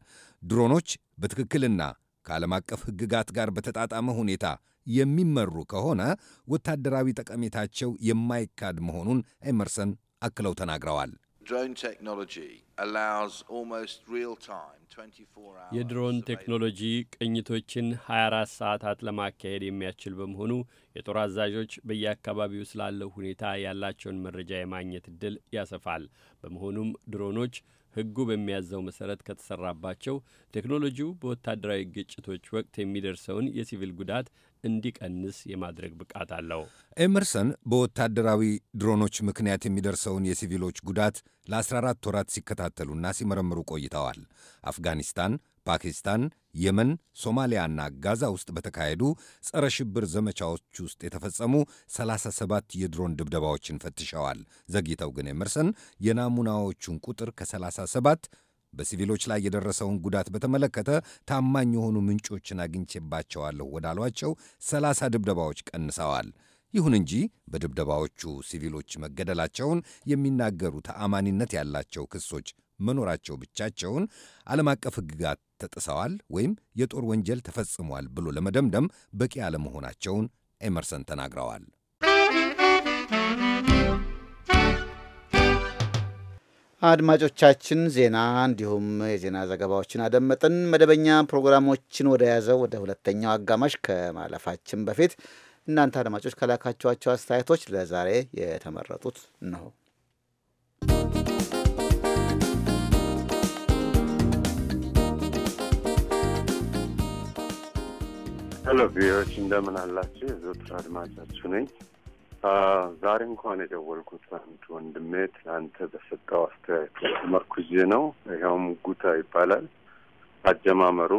ድሮኖች በትክክልና ከዓለም አቀፍ ሕግጋት ጋር በተጣጣመ ሁኔታ የሚመሩ ከሆነ ወታደራዊ ጠቀሜታቸው የማይካድ መሆኑን ኤመርሰን አክለው ተናግረዋል። የድሮን ቴክኖሎጂ ቅኝቶችን 24 ሰዓታት ለማካሄድ የሚያስችል በመሆኑ የጦር አዛዦች በየአካባቢው ስላለው ሁኔታ ያላቸውን መረጃ የማግኘት እድል ያሰፋል። በመሆኑም ድሮኖች ሕጉ በሚያዘው መሰረት ከተሰራባቸው ቴክኖሎጂው በወታደራዊ ግጭቶች ወቅት የሚደርሰውን የሲቪል ጉዳት እንዲቀንስ የማድረግ ብቃት አለው። ኤመርሰን በወታደራዊ ድሮኖች ምክንያት የሚደርሰውን የሲቪሎች ጉዳት ለ14 ወራት ሲከታተሉና ሲመረምሩ ቆይተዋል። አፍጋኒስታን፣ ፓኪስታን፣ የመን፣ ሶማሊያና ጋዛ ውስጥ በተካሄዱ ጸረ ሽብር ዘመቻዎች ውስጥ የተፈጸሙ 37 የድሮን ድብደባዎችን ፈትሸዋል። ዘግይተው ግን ኤመርሰን የናሙናዎቹን ቁጥር ከ37 በሲቪሎች ላይ የደረሰውን ጉዳት በተመለከተ ታማኝ የሆኑ ምንጮችን አግኝቼባቸዋለሁ ወዳሏቸው ሰላሳ ድብደባዎች ቀንሰዋል። ይሁን እንጂ በድብደባዎቹ ሲቪሎች መገደላቸውን የሚናገሩ ተአማኒነት ያላቸው ክሶች መኖራቸው ብቻቸውን ዓለም አቀፍ ሕግጋት ተጥሰዋል ወይም የጦር ወንጀል ተፈጽሟል ብሎ ለመደምደም በቂ አለመሆናቸውን ኤመርሰን ተናግረዋል። አድማጮቻችን ዜና እንዲሁም የዜና ዘገባዎችን አደመጥን። መደበኛ ፕሮግራሞችን ወደ ያዘው ወደ ሁለተኛው አጋማሽ ከማለፋችን በፊት እናንተ አድማጮች ከላካችኋቸው አስተያየቶች ለዛሬ የተመረጡት ነው። ሄሎ ቪዎች እንደምን አላችሁ? የዘወትር አድማጫችሁ ነኝ። ዛሬ እንኳን የደወልኩት አንድ ወንድሜ ትናንተ በሰጠው አስተያየቱ ተመርኩዤ ነው። ይኸውም ጉታ ይባላል። አጀማመሩ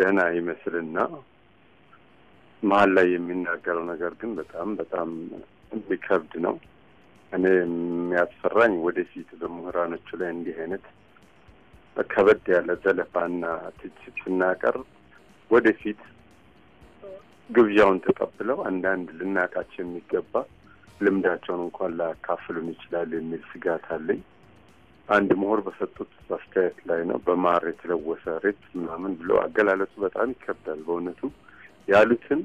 ደህና ይመስልና መሀል ላይ የሚናገረው ነገር ግን በጣም በጣም የሚከብድ ነው። እኔ የሚያስፈራኝ ወደፊት በምሁራኖቹ ላይ እንዲህ አይነት ከበድ ያለ ዘለፋና ትችት ስናቀርብ ወደፊት ግብዣውን ተቀብለው አንዳንድ ልናቃቸው የሚገባ ልምዳቸውን እንኳን ላካፍሉን ይችላል የሚል ስጋት አለኝ። አንድ ምሁር በሰጡት አስተያየት ላይ ነው በማር የተለወሰ ሬት ምናምን ብለው አገላለጹ በጣም ይከብዳል። በእውነቱ ያሉትን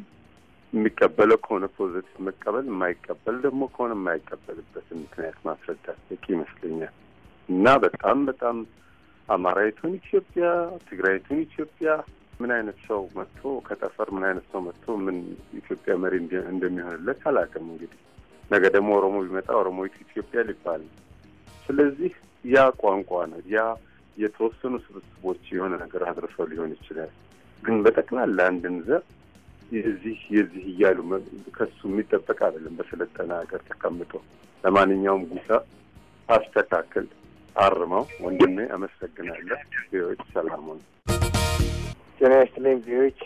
የሚቀበለው ከሆነ ፖዘቲቭ መቀበል፣ የማይቀበል ደግሞ ከሆነ የማይቀበልበትን ምክንያት ማስረዳት በቂ ይመስለኛል እና በጣም በጣም አማራዊቱን ኢትዮጵያ፣ ትግራይቱን ኢትዮጵያ ምን አይነት ሰው መጥቶ ከጠፈር ምን አይነት ሰው መጥቶ ምን ኢትዮጵያ መሪ እንደሚሆንለት አላውቅም። እንግዲህ ነገ ደግሞ ኦሮሞ ቢመጣ ኦሮሞዊት ኢትዮጵያ ሊባል ስለዚህ ያ ቋንቋ ነው። ያ የተወሰኑ ስብስቦች የሆነ ነገር አድርሰው ሊሆን ይችላል። ግን በጠቅላላ አንድን ዘር የዚህ የዚህ እያሉ ከሱ የሚጠበቅ አይደለም። በሰለጠነ ሀገር ተቀምጦ ለማንኛውም ጉሳ አስተካክል፣ አርመው ወንድሜ፣ አመሰግናለሁ። ሰላሙን ጤና ይስጥልኝ ዜዎች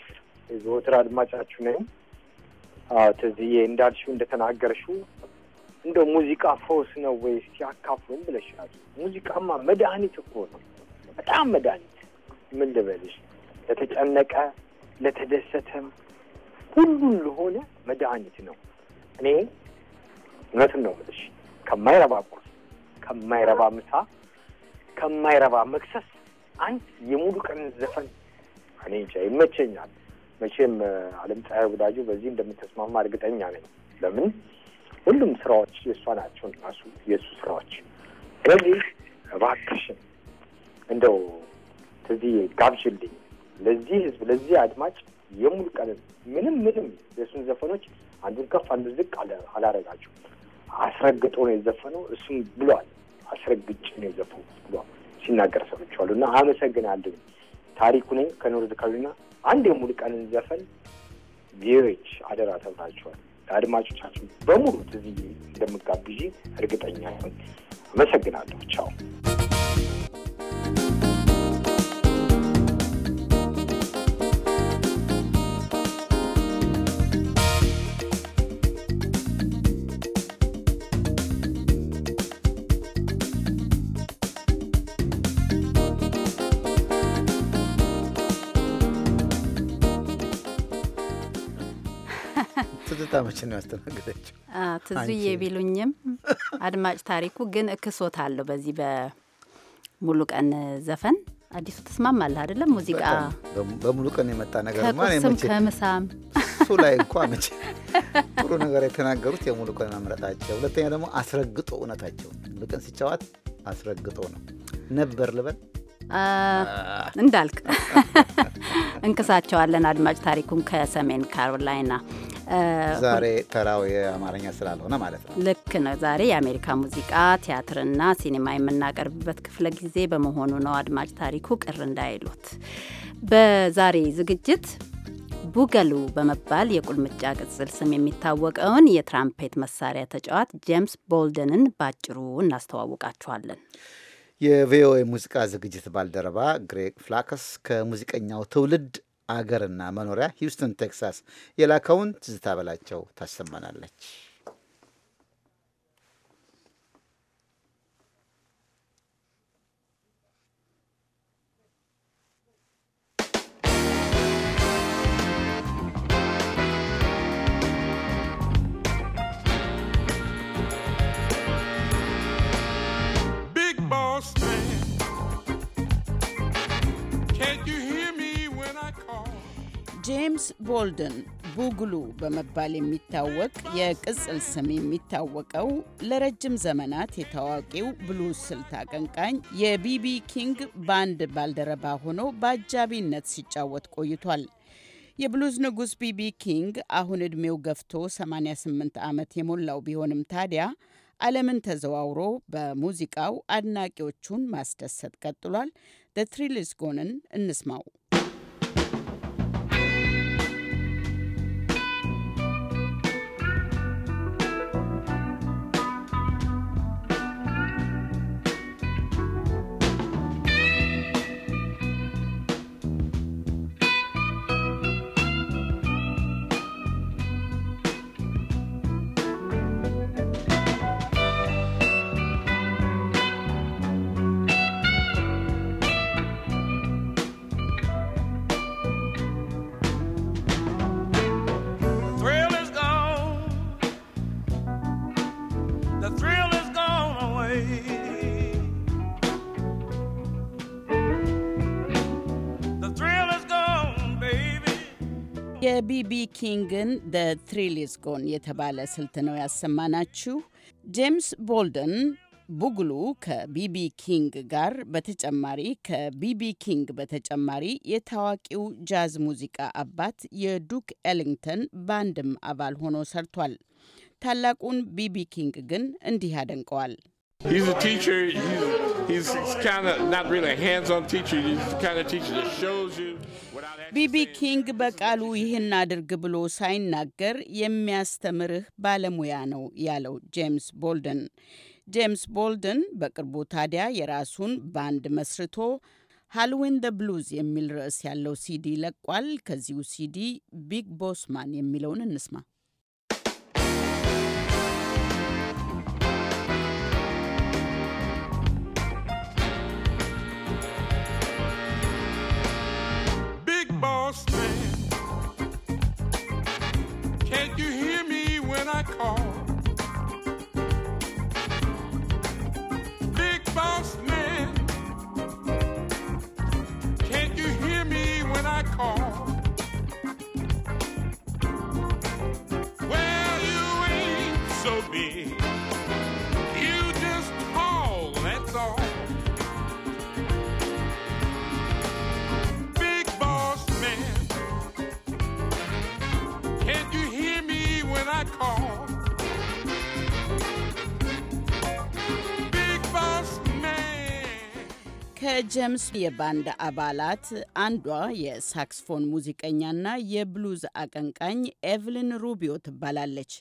የዘወትር አድማጫችሁ ነኝ። ትዝዬ እንዳልሽው እንደተናገርሽው እንደ ሙዚቃ ፈውስ ነው ወይ እስቲ አካፍሉን ብለሻል። ሙዚቃማ መድኃኒት እኮ ነው፣ በጣም መድኃኒት። ምን ልበልሽ፣ ለተጨነቀ ለተደሰተም ሁሉን ለሆነ መድኃኒት ነው። እኔ እውነቱን ነው የምልሽ ከማይረባ ቁርስ፣ ከማይረባ ምሳ፣ ከማይረባ መክሰስ አንድ የሙሉ ቀን ዘፈን እኔ እንጃ ይመቸኛል። መቼም አለም ፀሐይ ወዳጁ በዚህ እንደምትስማማ እርግጠኛ ነኝ። ለምን ሁሉም ስራዎች የእሷ ናቸው፣ እራሱ የእሱ ስራዎች። ስለዚህ እባክሽን እንደው እዚህ ጋብዥልኝ ለዚህ ህዝብ ለዚህ አድማጭ የሙሉ ቀንን ምንም ምንም የእሱን ዘፈኖች አንዱን ከፍ አንዱን ዝቅ አላረጋቸው አስረግጦ ነው የዘፈነው እሱም ብሏል። አስረግጭ ነው የዘፈው ብሏል ሲናገር ሰምቼዋለሁ እና አመሰግናለሁ። ታሪኩ ነኝ ከኖርዝ ካሮሊና። አንድ የሙሉ ቀንን ዘፈን ቪዎች አደራ ተብላችኋል። ለአድማጮቻችን በሙሉ ትዝ እንደምጋብዥ እርግጠኛ ነኝ። አመሰግናለሁ። ቻው ዓመት ነው ያስተናገደችው። ትዙዬ ቢሉኝም አድማጭ ታሪኩ ግን እክሶት አለው። በዚህ በሙሉ ቀን ዘፈን አዲሱ ትስማማለህ አይደለም? ሙዚቃ በሙሉ ቀን የመጣ ነገር ከቁርስም ከምሳም እሱ ላይ እንኳ መቼ ጥሩ ነገር የተናገሩት የሙሉ ቀን መምረጣቸው፣ ሁለተኛ ደግሞ አስረግጦ እውነታቸው ሙሉ ቀን ሲጫወት አስረግጦ ነው ነበር ልበል እንዳልክ እንክሳቸዋለን። አድማጭ ታሪኩን ከሰሜን ካሮላይና ዛሬ ተራው የአማርኛ ስላልሆነ ማለት ነው። ልክ ነው። ዛሬ የአሜሪካ ሙዚቃ ቲያትርና ሲኔማ የምናቀርብበት ክፍለ ጊዜ በመሆኑ ነው። አድማጭ ታሪኩ ቅር እንዳይሉት በዛሬ ዝግጅት ቡገሉ በመባል የቁልምጫ ቅጽል ስም የሚታወቀውን የትራምፔት መሳሪያ ተጫዋት ጄምስ ቦልደንን ባጭሩ እናስተዋውቃችኋለን። የቪኦኤ ሙዚቃ ዝግጅት ባልደረባ ግሬግ ፍላክስ ከሙዚቀኛው ትውልድ አገርና መኖሪያ ሂውስተን ቴክሳስ የላከውን ትዝታ በላቸው ታሰማናለች። ጄምስ ቦልደን ቡግሉ በመባል የሚታወቅ የቅጽል ስም የሚታወቀው ለረጅም ዘመናት የታዋቂው ብሉዝ ስልት አቀንቃኝ የቢቢ ኪንግ ባንድ ባልደረባ ሆኖ በአጃቢነት ሲጫወት ቆይቷል። የብሉዝ ንጉሥ ቢቢ ኪንግ አሁን ዕድሜው ገፍቶ 88 ዓመት የሞላው ቢሆንም ታዲያ ዓለምን ተዘዋውሮ በሙዚቃው አድናቂዎቹን ማስደሰት ቀጥሏል። ዘ ጎንን እንስማው። የቢቢ ኪንግን ደ ጎን የተባለ ስልት ነው ያሰማናችሁ። ጄምስ ቦልደን ቡግሉ ከቢቢ ኪንግ ጋር በተጨማሪ ከቢቢ ኪንግ በተጨማሪ የታዋቂው ጃዝ ሙዚቃ አባት የዱክ ኤሊንግተን ባንድም አባል ሆኖ ሰርቷል። ታላቁን ቢቢ ኪንግ ግን እንዲህ ያደንቀዋል። He's a teacher. He's, he's he's kind of not really a hands-on teacher. He's the kind of teacher that shows you. ቢቢ ኪንግ በቃሉ ይህን አድርግ ብሎ ሳይናገር የሚያስተምርህ ባለሙያ ነው ያለው ጄምስ ቦልደን። ጄምስ ቦልደን በቅርቡ ታዲያ የራሱን ባንድ መስርቶ ሃልዊን ደ ብሉዝ የሚል ርዕስ ያለው ሲዲ ለቋል። ከዚሁ ሲዲ ቢግ ቦስማን የሚለውን እንስማ። be. You just call, that's all. Big boss man, can you hear me when I call? ከጀምስ የባንድ አባላት አንዷ የሳክስፎን ሙዚቀኛና የብሉዝ አቀንቃኝ ኤቭሊን ሩቢዮ ትባላለች።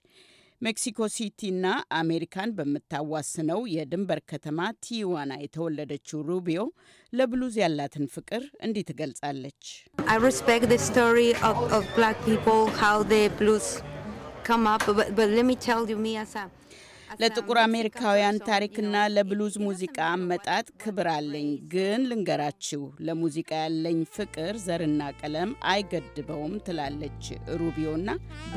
ሜክሲኮ ሲቲና አሜሪካን በምታዋስነው የድንበር ከተማ ቲዋና የተወለደችው ሩቢዮ ለብሉዝ ያላትን ፍቅር እንዲህ ትገልጻለች። ለጥቁር አሜሪካውያን ታሪክና ለብሉዝ ሙዚቃ አመጣጥ ክብር አለኝ። ግን ልንገራችሁ፣ ለሙዚቃ ያለኝ ፍቅር ዘርና ቀለም አይገድበውም ትላለች ሩቢዮና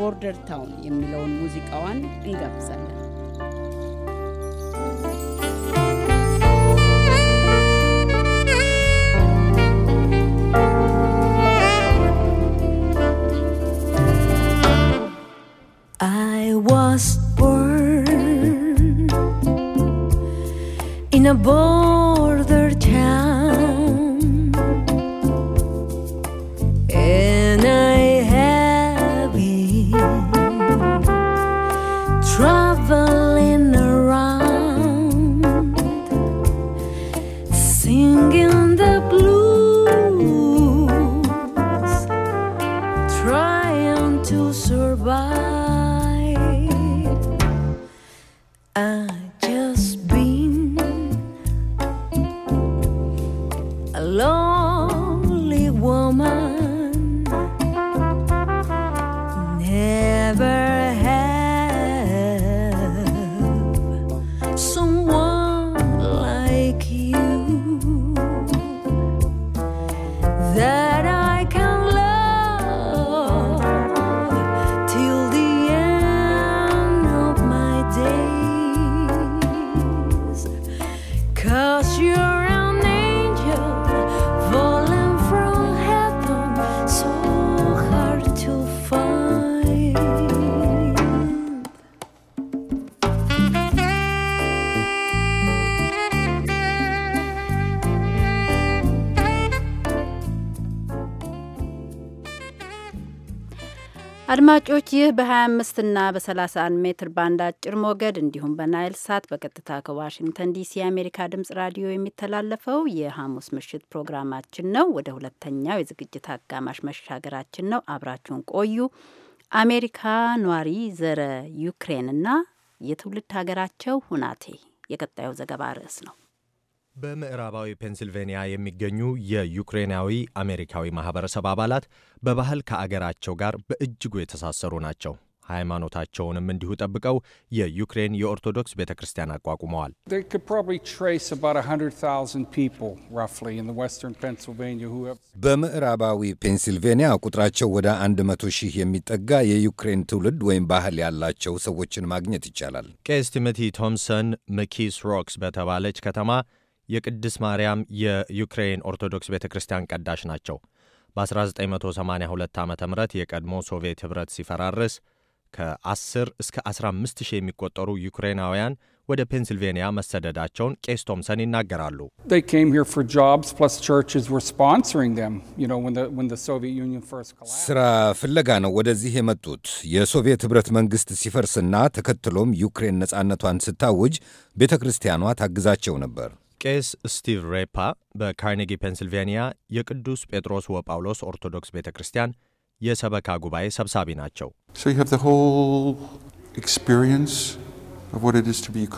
ቦርደር ታውን የሚለውን ሙዚቃዋን እንጋብዛለን። I was bom. አድማጮች ይህ በ25 እና በ31 ሜትር ባንድ አጭር ሞገድ እንዲሁም በናይል ሳት በቀጥታ ከዋሽንግተን ዲሲ የአሜሪካ ድምጽ ራዲዮ የሚተላለፈው የሐሙስ ምሽት ፕሮግራማችን ነው። ወደ ሁለተኛው የዝግጅት አጋማሽ መሻገራችን ነው። አብራችሁን ቆዩ። አሜሪካ ኗሪ ዘረ ዩክሬንና የትውልድ ሀገራቸው ሁናቴ የቀጣዩ ዘገባ ርዕስ ነው። በምዕራባዊ ፔንስልቬንያ የሚገኙ የዩክሬናዊ አሜሪካዊ ማህበረሰብ አባላት በባህል ከአገራቸው ጋር በእጅጉ የተሳሰሩ ናቸው። ሃይማኖታቸውንም እንዲሁ ጠብቀው የዩክሬን የኦርቶዶክስ ቤተ ክርስቲያን አቋቁመዋል። በምዕራባዊ ፔንሲልቬንያ ቁጥራቸው ወደ 100 ሺህ የሚጠጋ የዩክሬን ትውልድ ወይም ባህል ያላቸው ሰዎችን ማግኘት ይቻላል። ቄስ ቲሞቲ ቶምሰን መኪስ ሮክስ በተባለች ከተማ የቅድስ ማርያም የዩክሬን ኦርቶዶክስ ቤተ ክርስቲያን ቀዳሽ ናቸው። በ1982 ዓ ም የቀድሞ ሶቪየት ኅብረት ሲፈራርስ ከ10 እስከ 15 ሺህ የሚቆጠሩ ዩክሬናውያን ወደ ፔንስልቬንያ መሰደዳቸውን ቄስ ቶምሰን ይናገራሉ። ስራ ፍለጋ ነው ወደዚህ የመጡት። የሶቪየት ኅብረት መንግሥት ሲፈርስና ተከትሎም ዩክሬን ነፃነቷን ስታውጅ ቤተ ክርስቲያኗ ታግዛቸው ነበር። ቄስ ስቲቭ ሬፓ በካርኔጊ ፔንስልቬንያ የቅዱስ ጴጥሮስ ወጳውሎስ ኦርቶዶክስ ቤተ ክርስቲያን የሰበካ ጉባኤ ሰብሳቢ ናቸው።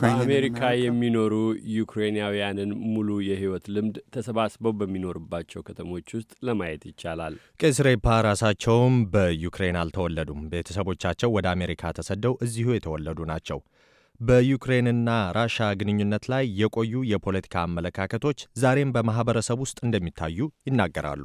በአሜሪካ የሚኖሩ ዩክሬናውያንን ሙሉ የሕይወት ልምድ ተሰባስበው በሚኖርባቸው ከተሞች ውስጥ ለማየት ይቻላል። ቄስ ሬፓ ራሳቸውም በዩክሬን አልተወለዱም። ቤተሰቦቻቸው ወደ አሜሪካ ተሰደው እዚሁ የተወለዱ ናቸው። በዩክሬንና ራሻ ግንኙነት ላይ የቆዩ የፖለቲካ አመለካከቶች ዛሬም በማህበረሰብ ውስጥ እንደሚታዩ ይናገራሉ።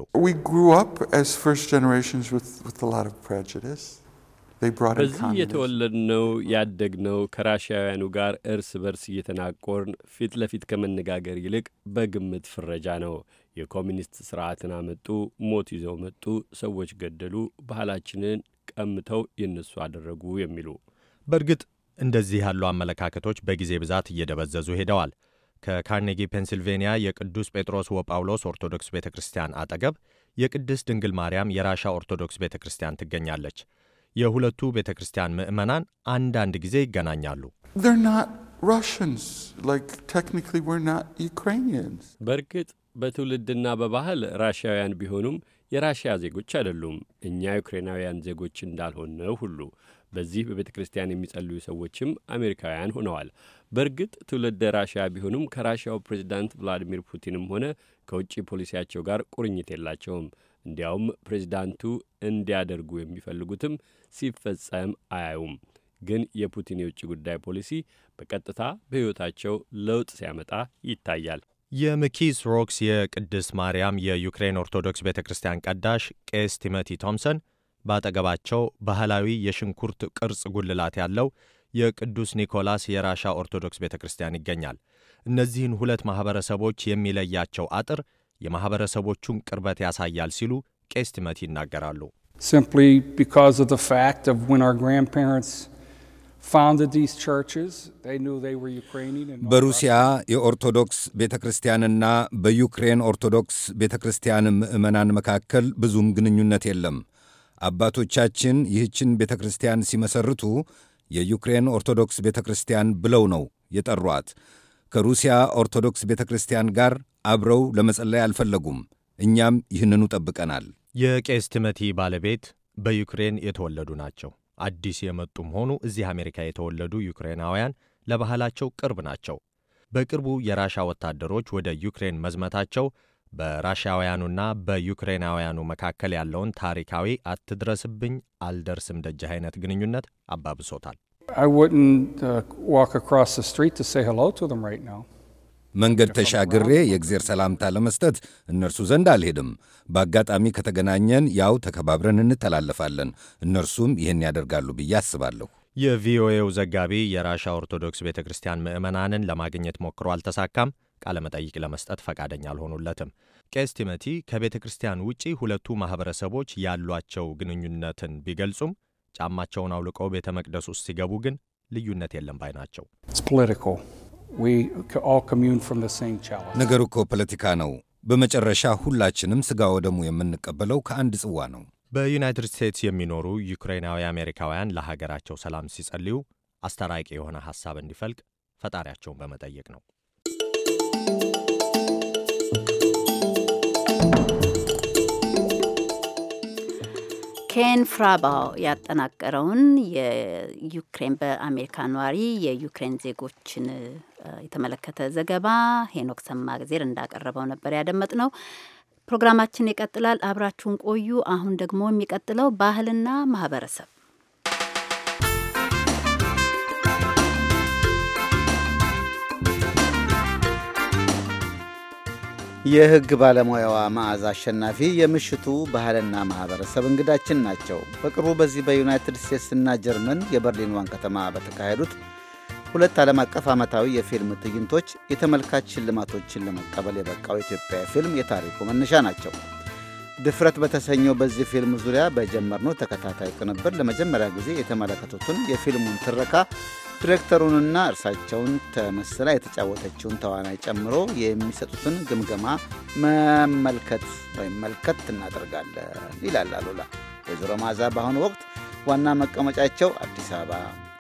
በዚህ የተወለድነው ያደግነው ከራሽያውያኑ ጋር እርስ በርስ እየተናቆርን ፊት ለፊት ከመነጋገር ይልቅ በግምት ፍረጃ ነው። የኮሚኒስት ስርዓትን አመጡ፣ ሞት ይዘው መጡ፣ ሰዎች ገደሉ፣ ባህላችንን ቀምተው የነሱ አደረጉ የሚሉ በእርግጥ እንደዚህ ያሉ አመለካከቶች በጊዜ ብዛት እየደበዘዙ ሄደዋል። ከካርኔጊ ፔንሲልቬንያ የቅዱስ ጴጥሮስ ወጳውሎስ ኦርቶዶክስ ቤተ ክርስቲያን አጠገብ የቅድስት ድንግል ማርያም የራሻ ኦርቶዶክስ ቤተ ክርስቲያን ትገኛለች። የሁለቱ ቤተ ክርስቲያን ምዕመናን አንዳንድ ጊዜ ይገናኛሉ። በእርግጥ በትውልድና በባህል ራሽያውያን ቢሆኑም የራሽያ ዜጎች አይደሉም። እኛ ዩክሬናውያን ዜጎች እንዳልሆነው ሁሉ በዚህ በቤተ ክርስቲያን የሚጸልዩ ሰዎችም አሜሪካውያን ሆነዋል። በእርግጥ ትውልደ ራሽያ ቢሆኑም ከራሽያው ፕሬዚዳንት ቭላዲሚር ፑቲንም ሆነ ከውጭ ፖሊሲያቸው ጋር ቁርኝት የላቸውም። እንዲያውም ፕሬዚዳንቱ እንዲያደርጉ የሚፈልጉትም ሲፈጸም አያዩም። ግን የፑቲን የውጭ ጉዳይ ፖሊሲ በቀጥታ በሕይወታቸው ለውጥ ሲያመጣ ይታያል። የምኪስ ሮክስ የቅድስት ማርያም የዩክሬን ኦርቶዶክስ ቤተ ክርስቲያን ቀዳሽ ቄስ ቲሞቲ ቶምሰን በአጠገባቸው ባህላዊ የሽንኩርት ቅርጽ ጉልላት ያለው የቅዱስ ኒኮላስ የራሻ ኦርቶዶክስ ቤተ ክርስቲያን ይገኛል። እነዚህን ሁለት ማኅበረሰቦች የሚለያቸው አጥር የማኅበረሰቦቹን ቅርበት ያሳያል ሲሉ ቄስ ቲመቲ ይናገራሉ። በሩሲያ የኦርቶዶክስ ቤተ ክርስቲያንና በዩክሬን ኦርቶዶክስ ቤተ ክርስቲያን ምዕመናን መካከል ብዙም ግንኙነት የለም። አባቶቻችን ይህችን ቤተ ክርስቲያን ሲመሰርቱ የዩክሬን ኦርቶዶክስ ቤተ ክርስቲያን ብለው ነው የጠሯት። ከሩሲያ ኦርቶዶክስ ቤተ ክርስቲያን ጋር አብረው ለመጸለይ አልፈለጉም። እኛም ይህንኑ ጠብቀናል። የቄስ ቲሞቲ ባለቤት በዩክሬን የተወለዱ ናቸው። አዲስ የመጡም ሆኑ እዚህ አሜሪካ የተወለዱ ዩክሬናውያን ለባህላቸው ቅርብ ናቸው። በቅርቡ የራሻ ወታደሮች ወደ ዩክሬን መዝመታቸው በራሽያውያኑና በዩክሬናውያኑ መካከል ያለውን ታሪካዊ አትድረስብኝ አልደርስም ደጅህ አይነት ግንኙነት አባብሶታል። uh, መንገድ ተሻግሬ የእግዜር ሰላምታ ለመስጠት እነርሱ ዘንድ አልሄድም። በአጋጣሚ ከተገናኘን ያው ተከባብረን እንተላለፋለን። እነርሱም ይህን ያደርጋሉ ብዬ አስባለሁ። የቪኦኤው ዘጋቢ የራሻ ኦርቶዶክስ ቤተ ክርስቲያን ምዕመናንን ለማግኘት ሞክሮ አልተሳካም። ቃለመጠይቅ ለመስጠት ፈቃደኛ አልሆኑለትም። ቄስ ቲሞቲ ከቤተ ክርስቲያን ውጪ ሁለቱ ማኅበረሰቦች ያሏቸው ግንኙነትን ቢገልጹም ጫማቸውን አውልቀው ቤተ መቅደስ ውስጥ ሲገቡ ግን ልዩነት የለም ባይ ናቸው። ነገሩ እኮ ፖለቲካ ነው። በመጨረሻ ሁላችንም ሥጋ ወደሙ የምንቀበለው ከአንድ ጽዋ ነው። በዩናይትድ ስቴትስ የሚኖሩ ዩክሬናዊ አሜሪካውያን ለሀገራቸው ሰላም ሲጸልዩ አስተራቂ የሆነ ሐሳብ እንዲፈልቅ ፈጣሪያቸውን በመጠየቅ ነው። ኬን ፍራባ ያጠናቀረውን የዩክሬን በአሜሪካ ነዋሪ የዩክሬን ዜጎችን የተመለከተ ዘገባ ሄኖክ ሰማእግዜር እንዳቀረበው ነበር ያደመጥነው። ፕሮግራማችን ይቀጥላል። አብራችሁን ቆዩ። አሁን ደግሞ የሚቀጥለው ባህልና ማህበረሰብ የሕግ ባለሙያዋ መዓዛ አሸናፊ የምሽቱ ባህልና ማኅበረሰብ እንግዳችን ናቸው። በቅርቡ በዚህ በዩናይትድ ስቴትስና ጀርመን የበርሊንዋን ከተማ በተካሄዱት ሁለት ዓለም አቀፍ ዓመታዊ የፊልም ትዕይንቶች የተመልካች ሽልማቶችን ለመቀበል የበቃው ኢትዮጵያ ፊልም የታሪኩ መነሻ ናቸው። ድፍረት በተሰኘው በዚህ ፊልም ዙሪያ በጀመርነው ተከታታይ ቅንብር ለመጀመሪያ ጊዜ የተመለከቱትን የፊልሙን ትረካ ዲሬክተሩንና እርሳቸውን ተመስላ የተጫወተችውን ተዋናይ ጨምሮ የሚሰጡትን ግምገማ መመልከት ወይም መልከት እናደርጋለን ይላል አሉላ። ወይዘሮ ማዛ በአሁኑ ወቅት ዋና መቀመጫቸው አዲስ አበባ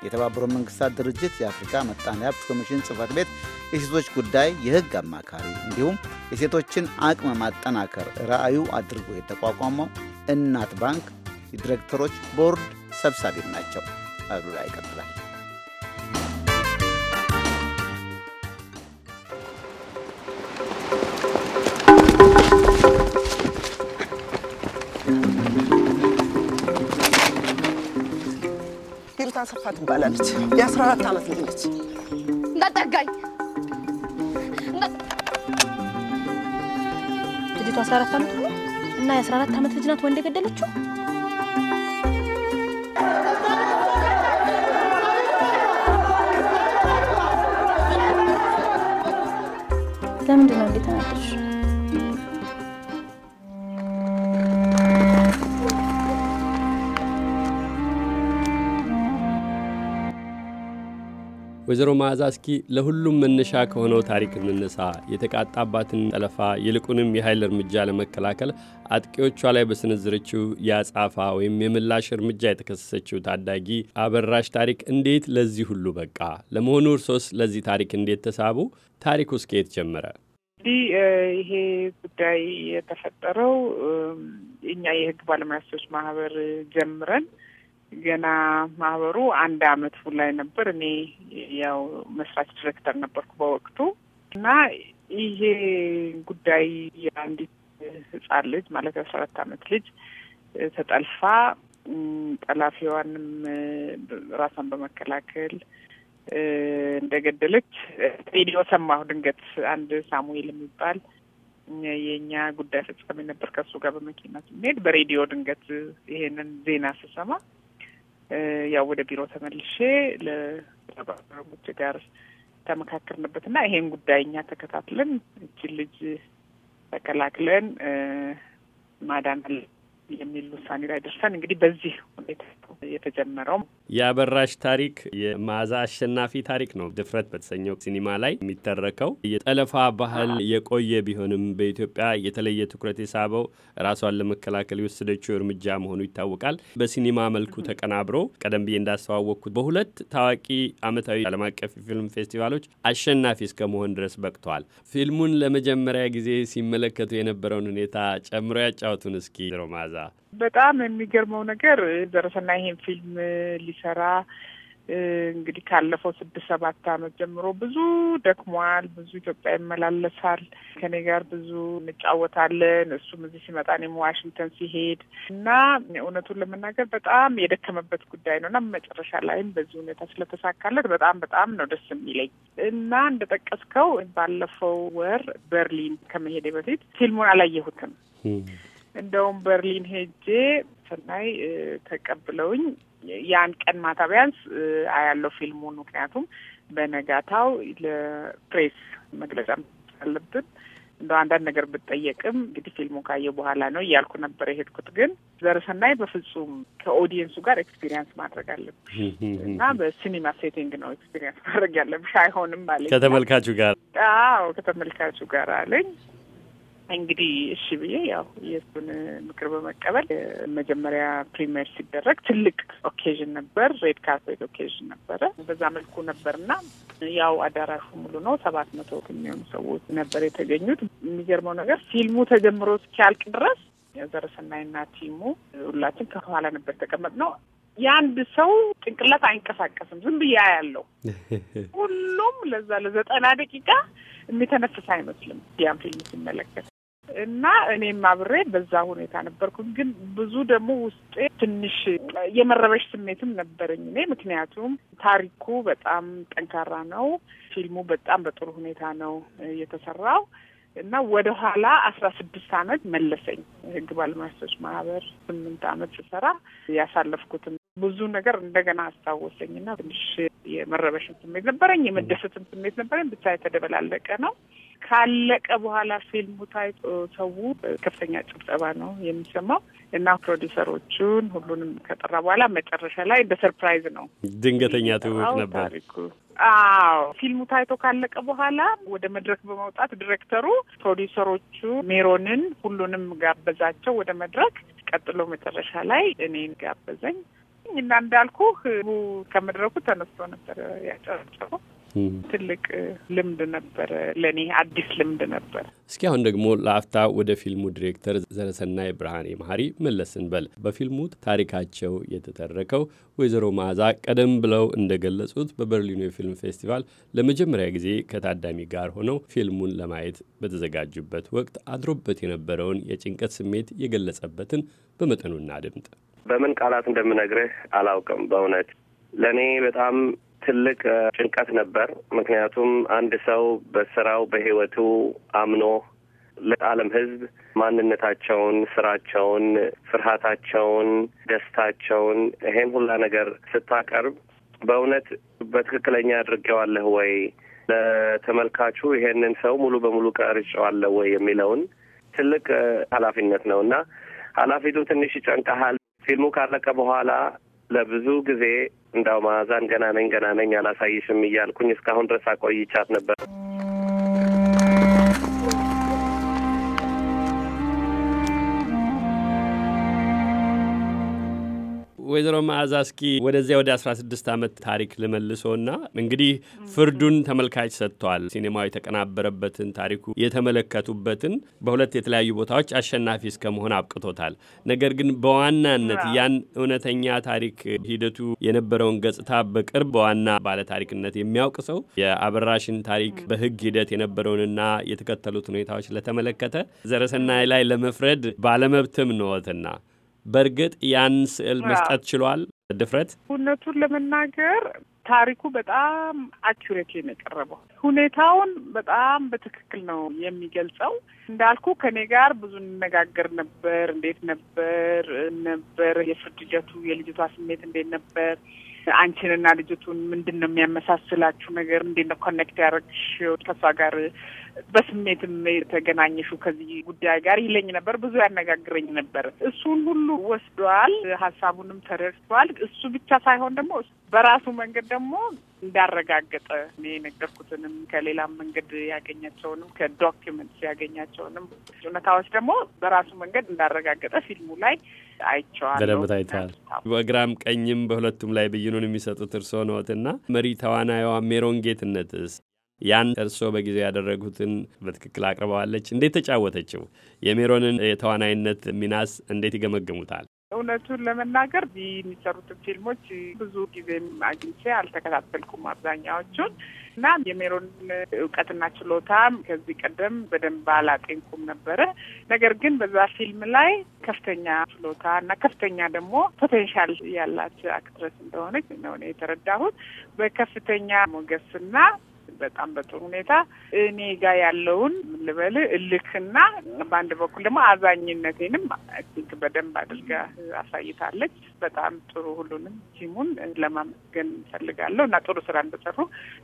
የተባበሩ መንግስታት ድርጅት የአፍሪካ መጣኔ ሀብት ኮሚሽን ጽህፈት ቤት የሴቶች ጉዳይ የህግ አማካሪ እንዲሁም የሴቶችን አቅም ማጠናከር ራዕዩ አድርጎ የተቋቋመው እናት ባንክ የዲሬክተሮች ቦርድ ሰብሳቢም ናቸው። አሉላ ይቀጥላል። ቤሩት አሰፋ ትባላለች። የ14 አመት ልጅ ነች። ልጅቷ 14 ዓመት ሆነ እና የ14 ዓመት ልጅ ናት ወንድ የገደለችው። ለምንድን ነው እንደተናደድሽ? ወይዘሮ መዓዛ እስኪ ለሁሉም መነሻ ከሆነው ታሪክ እንነሳ። የተቃጣባትን ጠለፋ ይልቁንም የኃይል እርምጃ ለመከላከል አጥቂዎቿ ላይ በሰነዘረችው የአጻፋ ወይም የምላሽ እርምጃ የተከሰሰችው ታዳጊ አበራሽ ታሪክ እንዴት ለዚህ ሁሉ በቃ? ለመሆኑ እርሶስ ለዚህ ታሪክ እንዴት ተሳቡ? ታሪክ ውስጥ ከየት ጀመረ? እንግዲህ ይሄ ጉዳይ የተፈጠረው እኛ የህግ ባለሙያዎች ማህበር ጀምረን ገና ማህበሩ አንድ አመት ፉል ላይ ነበር። እኔ ያው መስራች ዲሬክተር ነበርኩ በወቅቱ እና ይሄ ጉዳይ የአንዲት ህጻን ልጅ ማለት የአስራ አራት አመት ልጅ ተጠልፋ ጠላፊዋንም ራሷን በመከላከል እንደገደለች ሬዲዮ ሰማሁ። ድንገት አንድ ሳሙኤል የሚባል የእኛ ጉዳይ ፈጻሚ ነበር። ከእሱ ጋር በመኪና ስንሄድ በሬዲዮ ድንገት ይሄንን ዜና ስሰማ ያው ወደ ቢሮ ተመልሼ ለባልደረቦች ጋር ተመካከርንበት እና ይሄን ጉዳይ እኛ ተከታትለን እጅ ልጅ ተቀላቅለን ማዳን አለ የሚል ውሳኔ ላይ ደርሰን እንግዲህ በዚህ ሁኔታ የተጀመረው የአበራሽ ታሪክ የመዓዛ አሸናፊ ታሪክ ነው። ድፍረት በተሰኘው ሲኒማ ላይ የሚተረከው የጠለፋ ባህል የቆየ ቢሆንም በኢትዮጵያ የተለየ ትኩረት የሳበው ራሷን ለመከላከል የወሰደችው እርምጃ መሆኑ ይታወቃል። በሲኒማ መልኩ ተቀናብሮ ቀደም ብዬ እንዳስተዋወቅኩት በሁለት ታዋቂ ዓመታዊ ዓለም አቀፍ ፊልም ፌስቲቫሎች አሸናፊ እስከመሆን ድረስ በቅቷል። ፊልሙን ለመጀመሪያ ጊዜ ሲመለከቱ የነበረውን ሁኔታ ጨምሮ ያጫወቱን እስኪ ሮማዛ በጣም የሚገርመው ነገር ደረሰና ይሄን ፊልም ሊሰራ እንግዲህ ካለፈው ስድስት ሰባት ዓመት ጀምሮ ብዙ ደክሟል። ብዙ ኢትዮጵያ ይመላለሳል። ከኔ ጋር ብዙ እንጫወታለን። እሱም እዚህ ሲመጣ እኔም ዋሽንግተን ሲሄድ እና እውነቱን ለመናገር በጣም የደከመበት ጉዳይ ነው እና መጨረሻ ላይም በዚህ ሁኔታ ስለተሳካለት በጣም በጣም ነው ደስ የሚለኝ እና እንደጠቀስከው ባለፈው ወር በርሊን ከመሄዴ በፊት ፊልሙን አላየሁትም እንደውም በርሊን ሄጄ ስናይ ተቀብለውኝ ያን ቀን ማታ ቢያንስ አያለው ፊልሙን። ምክንያቱም በነጋታው ለፕሬስ መግለጫ አለብን። እንደ አንዳንድ ነገር ብጠየቅም እንግዲህ ፊልሙ ካየ በኋላ ነው እያልኩ ነበር የሄድኩት። ግን ዘረሰናይ በፍጹም ከኦዲየንሱ ጋር ኤክስፒሪየንስ ማድረግ አለብሽ እና በሲኒማ ሴቲንግ ነው ኤክስፒሪየንስ ማድረግ ያለብሽ አይሆንም አለኝ። ከተመልካቹ ጋር አዎ ከተመልካቹ ጋር አለኝ። እንግዲህ እሺ ብዬ ያው የእሱን ምክር በመቀበል መጀመሪያ ፕሪሚየር ሲደረግ ትልቅ ኦኬዥን ነበር፣ ሬድ ካርፔት ኦኬዥን ነበረ። በዛ መልኩ ነበርና ያው አዳራሹ ሙሉ ነው። ሰባት መቶ የሚሆኑ ሰዎች ነበር የተገኙት። የሚገርመው ነገር ፊልሙ ተጀምሮ እስኪያልቅ ድረስ ዘረሰናይና ቲሙ ሁላችን ከኋላ ነበር የተቀመጥነው። የአንድ ሰው ጭንቅላት አይንቀሳቀስም። ዝም ብያ ያለው ሁሉም ለዛ ለዘጠና ደቂቃ የሚተነፍስ አይመስልም። ያን ፊልም ሲመለከት እና እኔም አብሬ በዛ ሁኔታ ነበርኩ። ግን ብዙ ደግሞ ውስጤ ትንሽ የመረበሽ ስሜትም ነበረኝ እኔ ምክንያቱም ታሪኩ በጣም ጠንካራ ነው። ፊልሙ በጣም በጥሩ ሁኔታ ነው የተሰራው እና ወደ ኋላ አስራ ስድስት አመት መለሰኝ። ህግ ባለሙያዎች ማህበር ስምንት አመት ስሰራ ያሳለፍኩትን ብዙ ነገር እንደገና አስታወሰኝ ትንሽ የመረበሽን ስሜት ነበረኝ፣ የመደሰትም ስሜት ነበረኝ። ብቻ የተደበላለቀ ነው። ካለቀ በኋላ ፊልሙ ታይቶ ሰው ከፍተኛ ጭብጨባ ነው የሚሰማው እና ፕሮዲሰሮቹን ሁሉንም ከጠራ በኋላ መጨረሻ ላይ በሰርፕራይዝ ነው። ድንገተኛ ትውውቅ ነበር አዎ ፊልሙ ታይቶ ካለቀ በኋላ ወደ መድረክ በመውጣት ዲሬክተሩ ፕሮዲሰሮቹ ሜሮንን ሁሉንም ጋበዛቸው ወደ መድረክ። ቀጥሎ መጨረሻ ላይ እኔን ጋበዘኝ እና እንዳልኩ ከመድረኩ ተነስቶ ነበር ያጨረጨረው። ትልቅ ልምድ ነበረ፣ ለእኔ አዲስ ልምድ ነበር። እስኪ አሁን ደግሞ ለአፍታ ወደ ፊልሙ ዲሬክተር ዘረሰናይ ብርሃኔ መሀሪ መለስ በል በፊልሙ ታሪካቸው የተተረከው ወይዘሮ መዓዛ ቀደም ብለው እንደገለጹት በበርሊኑ የፊልም ፌስቲቫል ለመጀመሪያ ጊዜ ከታዳሚ ጋር ሆነው ፊልሙን ለማየት በተዘጋጁበት ወቅት አድሮበት የነበረውን የጭንቀት ስሜት የገለጸበትን በመጠኑና ድምጥ በምን ቃላት እንደምነግርህ አላውቅም። በእውነት ለእኔ በጣም ትልቅ ጭንቀት ነበር። ምክንያቱም አንድ ሰው በስራው በህይወቱ አምኖ ለዓለም ህዝብ ማንነታቸውን፣ ስራቸውን፣ ፍርሃታቸውን፣ ደስታቸውን ይሄን ሁላ ነገር ስታቀርብ በእውነት በትክክለኛ አድርጌዋለሁ ወይ ለተመልካቹ ይሄንን ሰው ሙሉ በሙሉ ቀርጨዋለሁ ወይ የሚለውን ትልቅ ኃላፊነት ነው እና ኃላፊቱ ትንሽ ይጨንቀሃል። ፊልሙ ካለቀ በኋላ ለብዙ ጊዜ እንዳው መዓዛን ገና ነኝ ገና ነኝ አላሳይሽም እያልኩኝ እስካሁን ድረስ አቆይቻት ነበር። ወይዘሮ መዓዛ እስኪ ወደዚያ ወደ 16 ዓመት ታሪክ ልመልሶና እንግዲህ ፍርዱን ተመልካች ሰጥቷል። ሲኔማው የተቀናበረበትን ታሪኩ የተመለከቱበትን በሁለት የተለያዩ ቦታዎች አሸናፊ እስከ መሆን አብቅቶታል። ነገር ግን በዋናነት ያን እውነተኛ ታሪክ ሂደቱ የነበረውን ገጽታ በቅርብ በዋና ባለታሪክነት የሚያውቅ ሰው የአበራሽን ታሪክ በህግ ሂደት የነበረውንና የተከተሉት ሁኔታዎች ለተመለከተ ዘረሰናይ ላይ ለመፍረድ ባለመብትም ነዎትና በእርግጥ ያን ስዕል መስጠት ችሏል ድፍረት እውነቱን ለመናገር ታሪኩ በጣም አኪሬት የቀረበው ሁኔታውን በጣም በትክክል ነው የሚገልጸው። እንዳልኩ ከኔ ጋር ብዙ እንነጋገር ነበር። እንዴት ነበር ነበር የፍርድ ሂደቱ የልጅቷ ስሜት እንዴት ነበር አንቺንና ልጅቱን ምንድን ነው የሚያመሳስላችሁ ነገር? እንዴት ነው ኮኔክት ያደረግሽው ከሷ ጋር በስሜትም የተገናኘሹ ከዚህ ጉዳይ ጋር ይለኝ ነበር። ብዙ ያነጋግረኝ ነበር። እሱን ሁሉ ወስዷል። ሀሳቡንም ተረድቷል። እሱ ብቻ ሳይሆን ደግሞ በራሱ መንገድ ደግሞ እንዳረጋገጠ የነገርኩትንም ከሌላም መንገድ ያገኛቸውንም ከዶኪመንትስ ያገኛቸውንም እውነታዎች ደግሞ በራሱ መንገድ እንዳረጋገጠ ፊልሙ ላይ አይቸዋል በደንብ ታይተዋል። በግራም ቀኝም በሁለቱም ላይ ብይኑን የሚሰጡት እርስዎ ነዎትና መሪ ተዋናይዋ ሜሮን ጌትነትስ ያን እርስዎ በጊዜው ያደረጉትን በትክክል አቅርበዋለች። እንዴት ተጫወተችው? የሜሮንን የተዋናይነት ሚናስ እንዴት ይገመግሙታል? እውነቱን ለመናገር የሚሰሩትን ፊልሞች ብዙ ጊዜ አግኝቼ አልተከታተልኩም አብዛኛዎቹን እና የሜሮን እውቀትና ችሎታ ከዚህ ቀደም በደንብ አላጤንኩም ነበረ። ነገር ግን በዛ ፊልም ላይ ከፍተኛ ችሎታ እና ከፍተኛ ደግሞ ፖቴንሻል ያላት አክትረስ እንደሆነች ነው የተረዳሁት። በከፍተኛ ሞገስና በጣም በጥሩ ሁኔታ እኔ ጋ ያለውን ልበል እልክና በአንድ በኩል ደግሞ አዛኝነቴንም ቲንክ በደንብ አድርጋ አሳይታለች። በጣም ጥሩ ሁሉንም ቲሙን ለማመስገን ፈልጋለሁ እና ጥሩ ስራ እንደሰሩ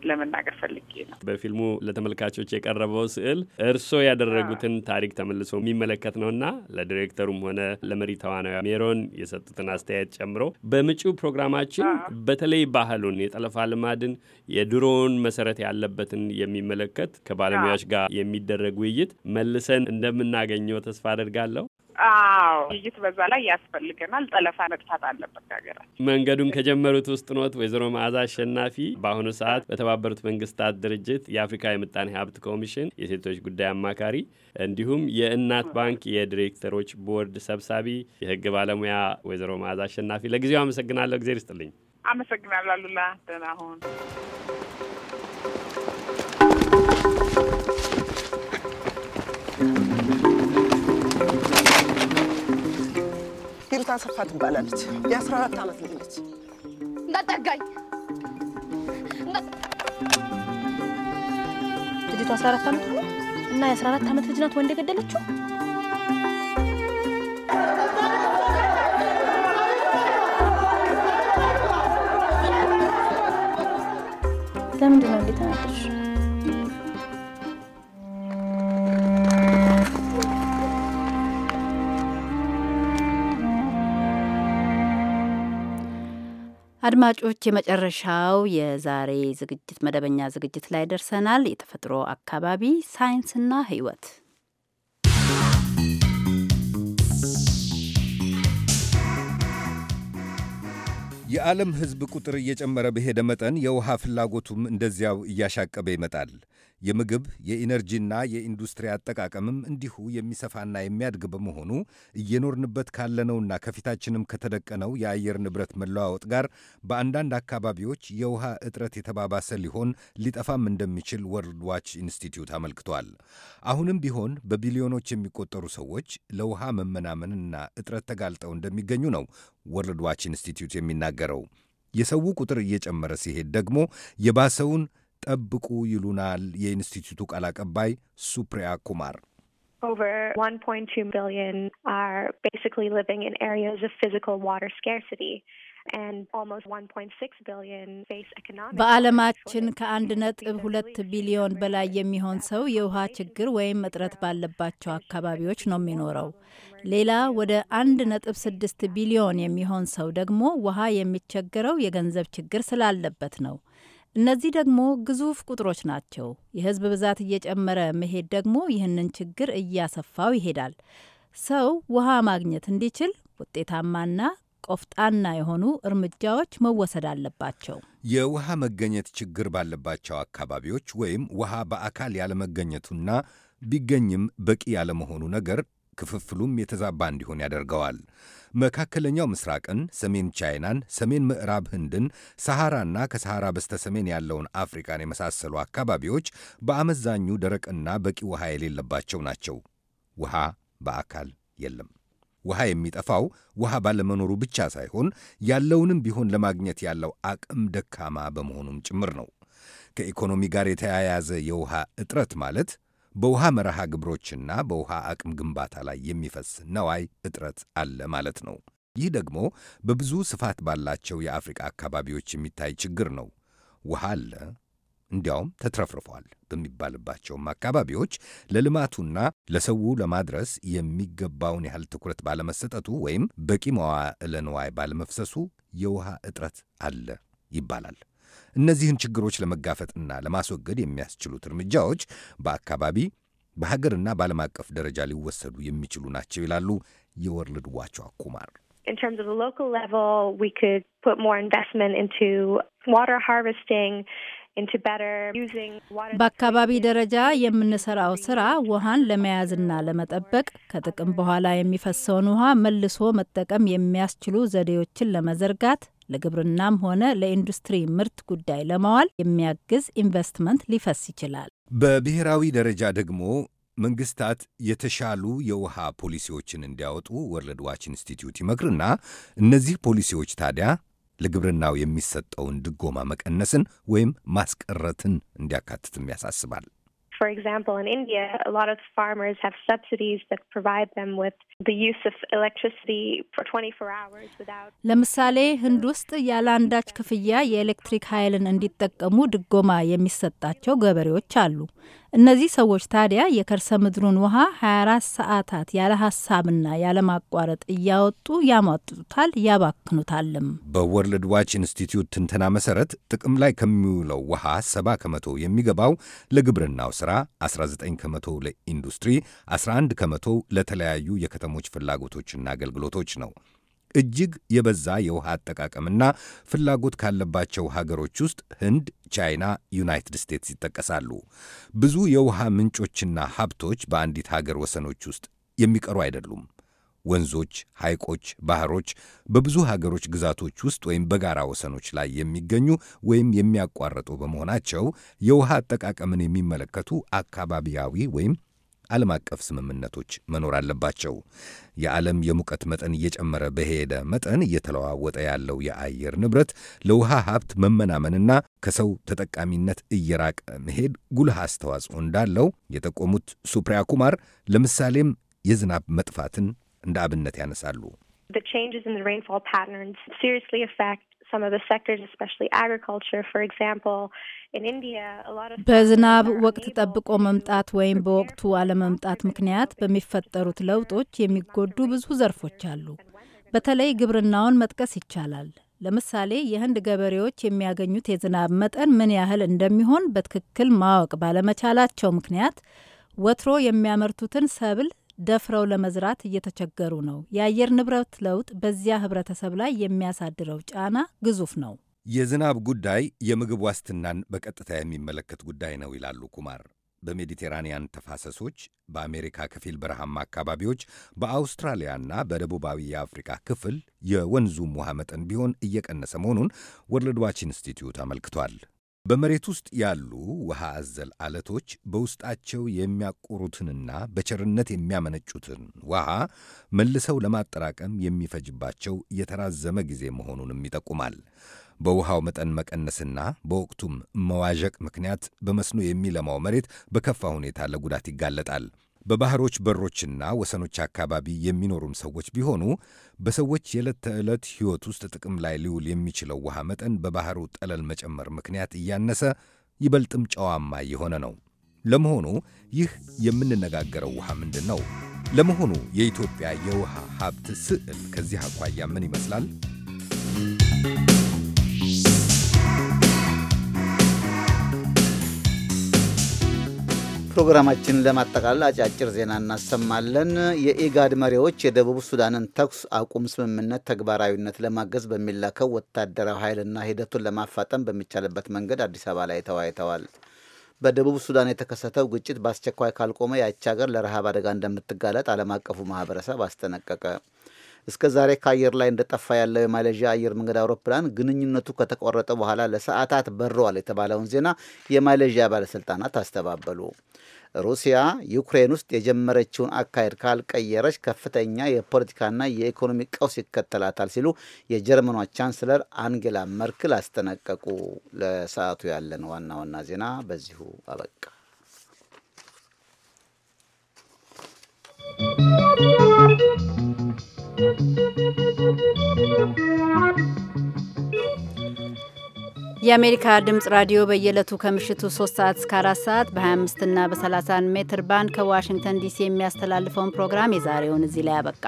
ለመናገር ፈልጌ ነው። በፊልሙ ለተመልካቾች የቀረበው ስዕል እርስዎ ያደረጉትን ታሪክ ተመልሶ የሚመለከት ነው እና ለዲሬክተሩም ሆነ ለመሪ ተዋናዊ ሜሮን የሰጡትን አስተያየት ጨምሮ በምጪው ፕሮግራማችን በተለይ ባህሉን፣ የጠለፋ ልማድን፣ የድሮውን መሰረት ያለ ያለበትን የሚመለከት ከባለሙያዎች ጋር የሚደረግ ውይይት መልሰን እንደምናገኘው ተስፋ አደርጋለሁ። አዎ ውይይት በዛ ላይ ያስፈልገናል። ጠለፋ መጥፋት አለበት ሀገራት። መንገዱን ከጀመሩት ውስጥ ኖት ወይዘሮ መዓዛ አሸናፊ በአሁኑ ሰዓት በተባበሩት መንግስታት ድርጅት የአፍሪካ የምጣኔ ሀብት ኮሚሽን የሴቶች ጉዳይ አማካሪ እንዲሁም የእናት ባንክ የዲሬክተሮች ቦርድ ሰብሳቢ የህግ ባለሙያ ወይዘሮ መዓዛ አሸናፊ ለጊዜው አመሰግናለሁ። እግዜር ይስጥልኝ። አመሰግናለሁ አሉላ። ደህና ሁን። ሂሩት አሰፋ ትባላለች። የ14 ዓመት ልጅ ነች። እንዳጠጋኝ ልጅቷ 14 ዓመት ሆነ እና የ14 ዓመት ልጅ ናት ወንድ የገደለችው ለምንድን ነው እንደተናደድሽ? አድማጮች፣ የመጨረሻው የዛሬ ዝግጅት መደበኛ ዝግጅት ላይ ደርሰናል። የተፈጥሮ አካባቢ፣ ሳይንስና ሕይወት የዓለም ሕዝብ ቁጥር እየጨመረ በሄደ መጠን የውሃ ፍላጎቱም እንደዚያው እያሻቀበ ይመጣል። የምግብ የኢነርጂና የኢንዱስትሪ አጠቃቀምም እንዲሁ የሚሰፋና የሚያድግ በመሆኑ እየኖርንበት ካለነውና ከፊታችንም ከተደቀነው የአየር ንብረት መለዋወጥ ጋር በአንዳንድ አካባቢዎች የውሃ እጥረት የተባባሰ ሊሆን ሊጠፋም እንደሚችል ወርልድ ዋች ኢንስቲትዩት አመልክቷል። አሁንም ቢሆን በቢሊዮኖች የሚቆጠሩ ሰዎች ለውሃ መመናመንና እጥረት ተጋልጠው እንደሚገኙ ነው ወርልድ ዋች ኢንስቲትዩት የሚናገረው። የሰው ቁጥር እየጨመረ ሲሄድ ደግሞ የባሰውን ጠብቁ ይሉናል የኢንስቲትዩቱ ቃል አቀባይ ሱፕሪያ ኩማር። over 1.2 billion are basically living in areas of physical water scarcity. በዓለማችን ከአንድ ነጥብ ሁለት ቢሊዮን በላይ የሚሆን ሰው የውሃ ችግር ወይም እጥረት ባለባቸው አካባቢዎች ነው የሚኖረው። ሌላ ወደ አንድ ነጥብ ስድስት ቢሊዮን የሚሆን ሰው ደግሞ ውሃ የሚቸገረው የገንዘብ ችግር ስላለበት ነው። እነዚህ ደግሞ ግዙፍ ቁጥሮች ናቸው። የህዝብ ብዛት እየጨመረ መሄድ ደግሞ ይህንን ችግር እያሰፋው ይሄዳል። ሰው ውሃ ማግኘት እንዲችል ውጤታማና ቆፍጣና የሆኑ እርምጃዎች መወሰድ አለባቸው። የውሃ መገኘት ችግር ባለባቸው አካባቢዎች ወይም ውሃ በአካል ያለመገኘቱና ቢገኝም በቂ ያለመሆኑ ነገር ክፍፍሉም የተዛባ እንዲሆን ያደርገዋል። መካከለኛው ምስራቅን፣ ሰሜን ቻይናን፣ ሰሜን ምዕራብ ህንድን፣ ሰሐራና ከሰሐራ በስተ ሰሜን ያለውን አፍሪካን የመሳሰሉ አካባቢዎች በአመዛኙ ደረቅና በቂ ውሃ የሌለባቸው ናቸው። ውሃ በአካል የለም። ውሃ የሚጠፋው ውሃ ባለመኖሩ ብቻ ሳይሆን ያለውንም ቢሆን ለማግኘት ያለው አቅም ደካማ በመሆኑም ጭምር ነው። ከኢኮኖሚ ጋር የተያያዘ የውሃ እጥረት ማለት በውሃ መርሃ ግብሮችና በውሃ አቅም ግንባታ ላይ የሚፈስ ነዋይ እጥረት አለ ማለት ነው። ይህ ደግሞ በብዙ ስፋት ባላቸው የአፍሪቃ አካባቢዎች የሚታይ ችግር ነው። ውሃ አለ፣ እንዲያውም ተትረፍርፏል በሚባልባቸውም አካባቢዎች ለልማቱና ለሰው ለማድረስ የሚገባውን ያህል ትኩረት ባለመሰጠቱ ወይም በቂ መዋዕለ ንዋይ ባለመፍሰሱ የውሃ እጥረት አለ ይባላል። እነዚህን ችግሮች ለመጋፈጥና ለማስወገድ የሚያስችሉት እርምጃዎች በአካባቢ በሀገርና በዓለም አቀፍ ደረጃ ሊወሰዱ የሚችሉ ናቸው ይላሉ የወርልድ ዋች አኩማር። በአካባቢ ደረጃ የምንሰራው ስራ ውሃን ለመያዝና ለመጠበቅ ከጥቅም በኋላ የሚፈሰውን ውሃ መልሶ መጠቀም የሚያስችሉ ዘዴዎችን ለመዘርጋት ለግብርናም ሆነ ለኢንዱስትሪ ምርት ጉዳይ ለማዋል የሚያግዝ ኢንቨስትመንት ሊፈስ ይችላል። በብሔራዊ ደረጃ ደግሞ መንግስታት የተሻሉ የውሃ ፖሊሲዎችን እንዲያወጡ ወርልድ ዋች ኢንስቲትዩት ይመክርና እነዚህ ፖሊሲዎች ታዲያ ለግብርናው የሚሰጠውን ድጎማ መቀነስን ወይም ማስቀረትን እንዲያካትትም ያሳስባል። For example, in India, a lot of farmers have subsidies that provide them with the use of electricity for 24 hours without ለምሳሌ ህንድ ውስጥ ያለ አንዳች ክፍያ የኤሌክትሪክ ኃይልን እንዲጠቀሙ ድጎማ የሚሰጣቸው ገበሬዎች አሉ። እነዚህ ሰዎች ታዲያ የከርሰ ምድሩን ውሃ 24 ሰዓታት ያለ ሀሳብና ያለማቋረጥ እያወጡ ያሟጥጡታል፣ ያባክኑታልም። በወርልድ ዋች ኢንስቲትዩት ትንተና መሰረት ጥቅም ላይ ከሚውለው ውሃ 70 ከመቶ የሚገባው ለግብርናው ስራ፣ 19 ከመቶ ለኢንዱስትሪ፣ 11 ከመቶ ለተለያዩ የከተሞች ፍላጎቶችና አገልግሎቶች ነው። እጅግ የበዛ የውሃ አጠቃቀምና ፍላጎት ካለባቸው ሀገሮች ውስጥ ህንድ፣ ቻይና፣ ዩናይትድ ስቴትስ ይጠቀሳሉ። ብዙ የውሃ ምንጮችና ሀብቶች በአንዲት ሀገር ወሰኖች ውስጥ የሚቀሩ አይደሉም። ወንዞች፣ ሐይቆች፣ ባህሮች በብዙ ሀገሮች ግዛቶች ውስጥ ወይም በጋራ ወሰኖች ላይ የሚገኙ ወይም የሚያቋርጡ በመሆናቸው የውሃ አጠቃቀምን የሚመለከቱ አካባቢያዊ ወይም ዓለም አቀፍ ስምምነቶች መኖር አለባቸው። የዓለም የሙቀት መጠን እየጨመረ በሄደ መጠን እየተለዋወጠ ያለው የአየር ንብረት ለውሃ ሀብት መመናመንና ከሰው ተጠቃሚነት እየራቀ መሄድ ጉልህ አስተዋጽኦ እንዳለው የጠቆሙት ሱፕሪያ ኩማር ለምሳሌም የዝናብ መጥፋትን እንደ አብነት ያነሳሉ። The changes in the rainfall patterns seriously affect በዝናብ ወቅት ጠብቆ መምጣት ወይም በወቅቱ አለመምጣት ምክንያት በሚፈጠሩት ለውጦች የሚጎዱ ብዙ ዘርፎች አሉ። በተለይ ግብርናውን መጥቀስ ይቻላል። ለምሳሌ የህንድ ገበሬዎች የሚያገኙት የዝናብ መጠን ምን ያህል እንደሚሆን በትክክል ማወቅ ባለመቻላቸው ምክንያት ወትሮ የሚያመርቱትን ሰብል ደፍረው ለመዝራት እየተቸገሩ ነው። የአየር ንብረት ለውጥ በዚያ ህብረተሰብ ላይ የሚያሳድረው ጫና ግዙፍ ነው። የዝናብ ጉዳይ የምግብ ዋስትናን በቀጥታ የሚመለከት ጉዳይ ነው ይላሉ ኩማር። በሜዲቴራንያን ተፋሰሶች፣ በአሜሪካ ከፊል በረሃማ አካባቢዎች፣ በአውስትራሊያና በደቡባዊ የአፍሪካ ክፍል የወንዙም ውሃ መጠን ቢሆን እየቀነሰ መሆኑን ወርልድ ዋች ኢንስቲትዩት አመልክቷል። በመሬት ውስጥ ያሉ ውሃ አዘል አለቶች በውስጣቸው የሚያቁሩትንና በቸርነት የሚያመነጩትን ውሃ መልሰው ለማጠራቀም የሚፈጅባቸው የተራዘመ ጊዜ መሆኑንም ይጠቁማል። በውሃው መጠን መቀነስና በወቅቱም መዋዠቅ ምክንያት በመስኖ የሚለማው መሬት በከፋ ሁኔታ ለጉዳት ይጋለጣል። በባህሮች በሮችና ወሰኖች አካባቢ የሚኖሩም ሰዎች ቢሆኑ በሰዎች የዕለት ተዕለት ሕይወት ውስጥ ጥቅም ላይ ሊውል የሚችለው ውሃ መጠን በባህሩ ጠለል መጨመር ምክንያት እያነሰ ይበልጥም ጨዋማ የሆነ ነው። ለመሆኑ ይህ የምንነጋገረው ውሃ ምንድን ነው? ለመሆኑ የኢትዮጵያ የውሃ ሀብት ስዕል ከዚህ አኳያ ምን ይመስላል? ፕሮግራማችንን ለማጠቃለል አጫጭር ዜና እናሰማለን። የኢጋድ መሪዎች የደቡብ ሱዳንን ተኩስ አቁም ስምምነት ተግባራዊነት ለማገዝ በሚላከው ወታደራዊ ኃይልና ሂደቱን ለማፋጠም በሚቻልበት መንገድ አዲስ አበባ ላይ ተወያይተዋል። በደቡብ ሱዳን የተከሰተው ግጭት በአስቸኳይ ካልቆመ ያቺ ሀገር ለረሃብ አደጋ እንደምትጋለጥ ዓለም አቀፉ ማህበረሰብ አስጠነቀቀ። እስከ ዛሬ ከአየር ላይ እንደጠፋ ያለው የማሌዥያ አየር መንገድ አውሮፕላን ግንኙነቱ ከተቋረጠ በኋላ ለሰዓታት በረዋል የተባለውን ዜና የማሌዥያ ባለሥልጣናት አስተባበሉ። ሩሲያ ዩክሬን ውስጥ የጀመረችውን አካሄድ ካልቀየረች ከፍተኛ የፖለቲካና የኢኮኖሚ ቀውስ ይከተላታል ሲሉ የጀርመኗ ቻንስለር አንጌላ መርክል አስጠነቀቁ። ለሰዓቱ ያለን ዋና ዋና ዜና በዚሁ አበቃ። Thank you. Thank you. የአሜሪካ ድምፅ ራዲዮ በየዕለቱ ከምሽቱ 3 ሰዓት እስከ 4 ሰዓት በ25 እና በ 30 ሜትር ባንድ ከዋሽንግተን ዲሲ የሚያስተላልፈውን ፕሮግራም የዛሬውን እዚህ ላይ አበቃ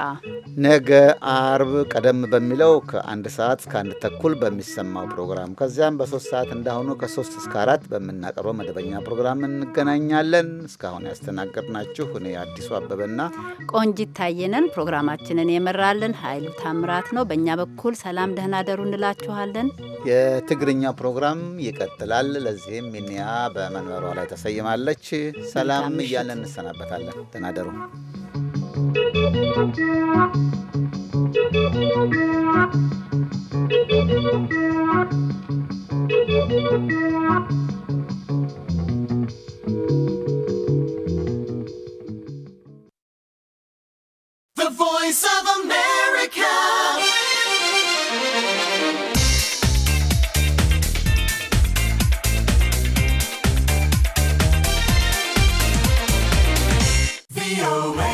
ነገ አርብ ቀደም በሚለው ከአንድ ሰዓት እስከ አንድ ተኩል በሚሰማው ፕሮግራም ከዚያም በሶስት ሰዓት እንዳሁኑ ከ3 እስከ 4 በምናቀርበው መደበኛ ፕሮግራም እንገናኛለን። እስካሁን ያስተናገድናችሁ እኔ አዲሱ አበበና ቆንጂት ታየነን። ፕሮግራማችንን የመራልን ኃይሉ ታምራት ነው። በእኛ በኩል ሰላም፣ ደህና ደሩ እንላችኋለን። የትግርኛ ፕሮግራም ይቀጥላል። ለዚህም ሚኒያ በመንበሯ ላይ ተሰይማለች። ሰላም እያለን እንሰናበታለን። ደህና ደሩ። The Voice of America romance.